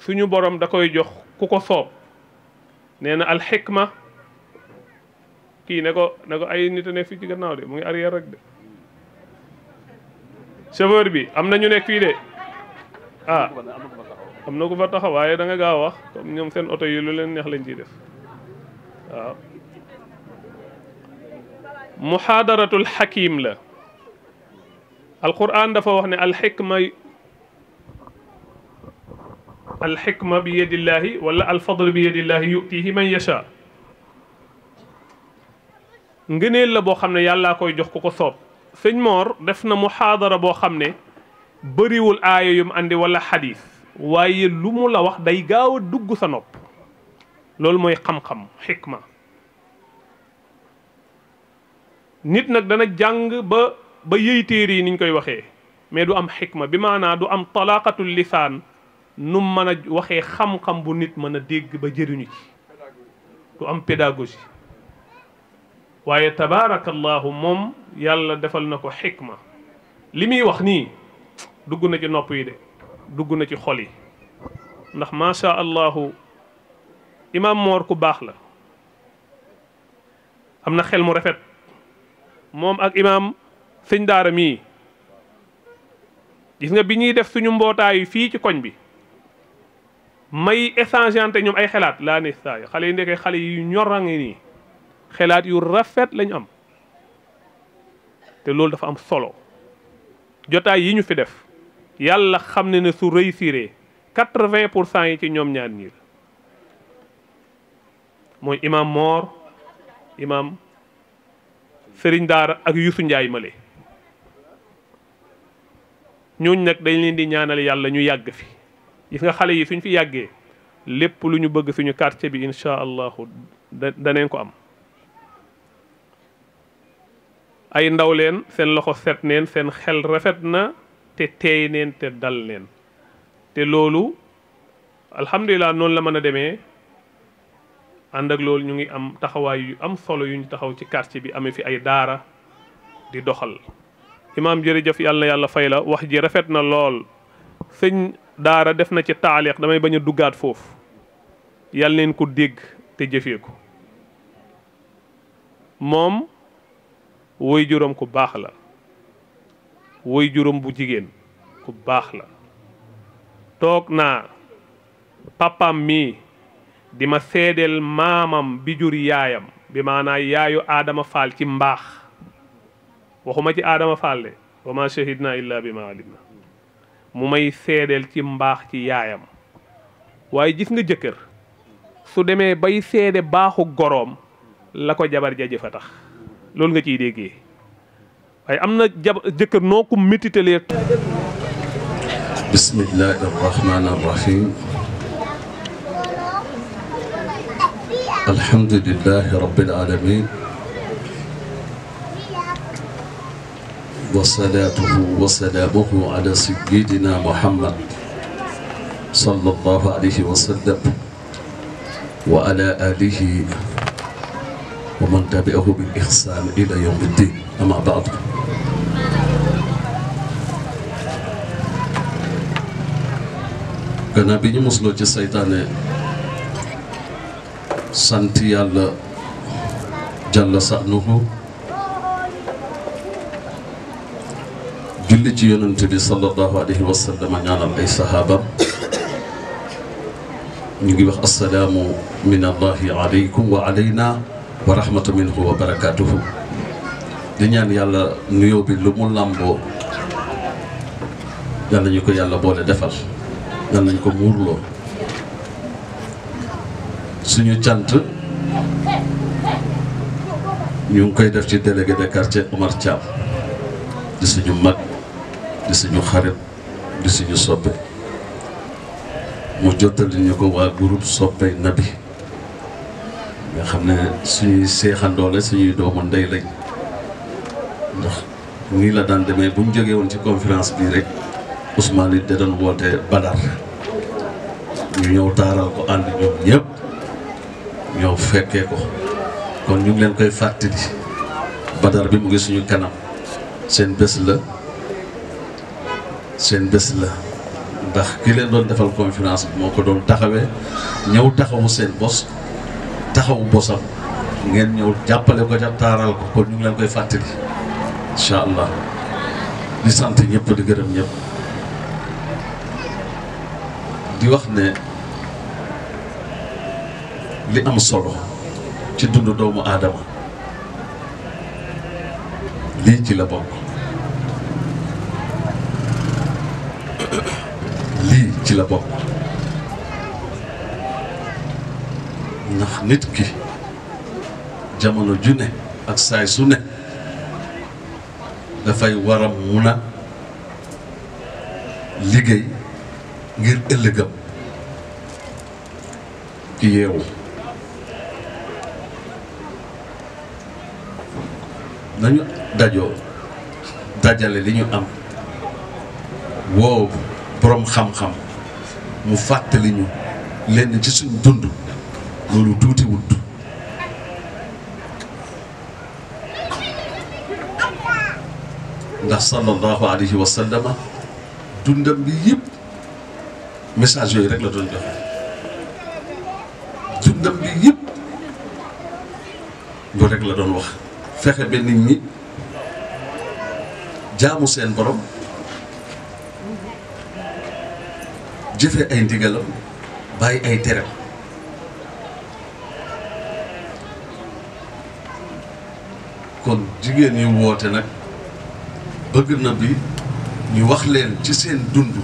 suñu boroom da koy jox ku ko soob nee na alxikma kii ne ko ne ko ay nit a nekk fii ci gannaaw de mu ngi arrière rek de chauffeur bi am na ñu nekk fii de ah am na ku fa taxaw waaye da wax comme ñoom seen oto yi lu leen neex lañ ciy def waaw muxaadaratul xakim la alquran dafa wax ne alxikma alxikma bi yadillahi wala alfadl bi yadillahi yutihi man yasha ngëneel la boo xam ne yàllaa koy jox ko ko soob sëñ moor def na muxaadara boo xam ne bariwul aaya yum andi wala xadiis waaye lu mu la wax day gaaw a dugg sa nopp loolu mooy xam-xam xikma nit nag dana jàng ba ba yëy téere yi niñ koy waxee mais du am xikma bi maanaa du am talaaqatul lisaan nu mën a waxee xam-xam bu nit mën a dégg ba jëriñu ci du am pédagogie waaye tabaarakallahu moom yàlla defal na ko xikma li muy wax nii dugg na ci nopp yi de dugg na ci xol yi ndax macha allahu imaam moor ku baax la am na xel mu rafet moom ak imaam sëñ daara mii gis nga bi ñuy def suñu mbootaayu fii ci koñ bi may échangeante ñoom ay xalaat laa ne saa yi xale yi ndeke xale yu ngi nii xelaat yu rafet lañu am te loolu dafa am solo jotaay yi ñu fi def yàlla xam ne na su réussiree quatre-vingt pour cent yi ci ñoom ñaar ñii mooy imam Mor imam sëriñ Daara ak Youssou Ndiaye male ñooñ nag dañ leen di ñaanal yàlla ñu yàgg fi gis nga xale yi suñ fi yàggee lépp lu ñu bëgg suñu quartier bi incha allahu da daneen ko am ay ndaw leen seen loxo set neen seen xel rafet na te teey neen te dal neen te loolu alhamdulilah noonu la mën a demee ànd ak loolu ñu ngi am taxawaay yu am solo yu ñu taxaw ci quartier bi amee fi ay daara di doxal imaam jërëjëf yàlla yàlla fay la wax ji rafet na lool sëñ daara def na ci taaliq damay bañ a duggaat foofu yàlla neen ko dégg te jëfe ko moom woy juróom ku baax la woy juróom bu jigéen ku baax la toog naa papam mii di ma seedeel maamam bi jur yaayam bi maanaa yaayu aadama faal ci mbaax waxuma ci aadama faal de wa ma may seedeel ci mbaax ci yaayam waaye gis nga jëkkër su demee bay seede baaxu goroom la ko jabar ja jëfa tax loolu nga ciy déggee waaye am na jab jëkkër noo ko métitalee bismillahi arrahmani arrahim alhamdulilahi rabbil alamin wasalaatuhu wasalaamuhu ala sayidina muhammad sallallahu alayhi wa sallam wa ala alihi wa man tabi'ahu bil ihsan ila yawmi ddin amma ba'd gannaaw bi ñu mosloo ci saytaane sant yàlla jàll julli ci yonent bi sallallahu alayhi wa sallam ngi wax asalaamu min allahi aleykum wa aleyna wa rahmatu minhu wa barakaatuhu di ñaan yàlla nuyoo lu mu làmboo ñu ko yàlla boole defal yal nañ ko muurloo suñu cant ñu ngi koy def ci délégué de quartier Omar Thiam di suñu mag di suñu xarit di suñu soppe mu jottali ñu ko waa groupe soppe bi nga xam ne suñuy seexandoole suñuy doomu ndey lañ ndax nii la daan demee bu mu jógee ci conférence bii rek Ousmane it doon woote Badar ñu ñëw taaral ko ànd ñoom ñëpp ñëw fekkee ko kon ñu ngi leen koy fàttali Badar bi mu ngi suñu kanam seen bés la seen bés la ndax ki leen doon defal conférence bi moo ko doon taxawee ñëw taxawu seen bos taxawu bosam ngeen ñëw jàppale ko ca taaral ko kon ñu ngi leen koy fàttali incha allah di sant ñëpp di gërëm ñëpp. di wax ne li am solo ci dund doomu aadama lii ci la bokk lii ci la bokk ndax nit ki jamono ju ne ak saay su ne dafay waram a mun a liggéey ngir ëllëgam ci yeewu nañu dajoo dajale li ñu am woow boroom xam-xam mu fàttali ñu lenn ci suñu dund loolu tuutiwul ndax sallallahu alayhi wa sallama dundam bi yëpp message yooyu rek la doon joxe dundam bi yëpp loolu rek la doon wax fexe ba nit ñi jaamu seen borom jëfe ay ndigalam bàyyi ay terew kon jigéen ñi woote nag bëgg na bi ñu wax leen ci seen dund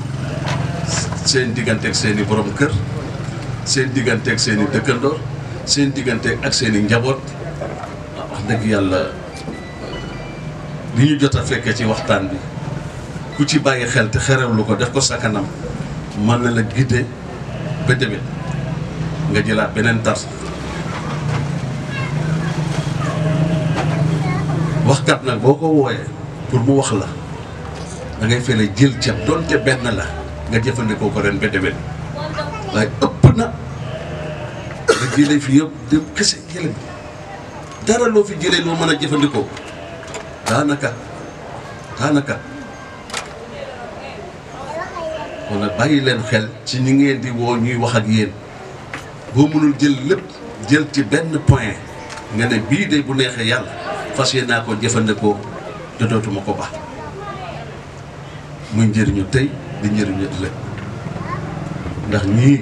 seen digganteeg seen i borom kër seen digganteeg seen i dëkkandoor seen diggante ak seeni njaboot ah, wax dëgg yàlla li ñu jot a fekkee ci waxtaan bi ku ci bàyyi xel te xerewlu ko def ko sa kanam mën na la gidde ba demit nga jëlaat beneen tar waxkat nag boo ko wooyee pour mu wax la da ngay fele jël ca donte benn la nga jëfandikoo ko ren ba waaye ëpp na nga jëlee fi yëpp dem kese jëlee dara loo fi jëlee loo mën a jëfandikoo daanaka daanaka wala bàyyi leen xel ci ñi ngeen di woo ñuy wax ak yéen boo mënul jël lépp jël ci benn point nga ne bii de bu neexee yàlla fas yéene naa ko jëfandikoo te ko baax muy njëriñu tey. di njëriñu ëllëg ndax ñii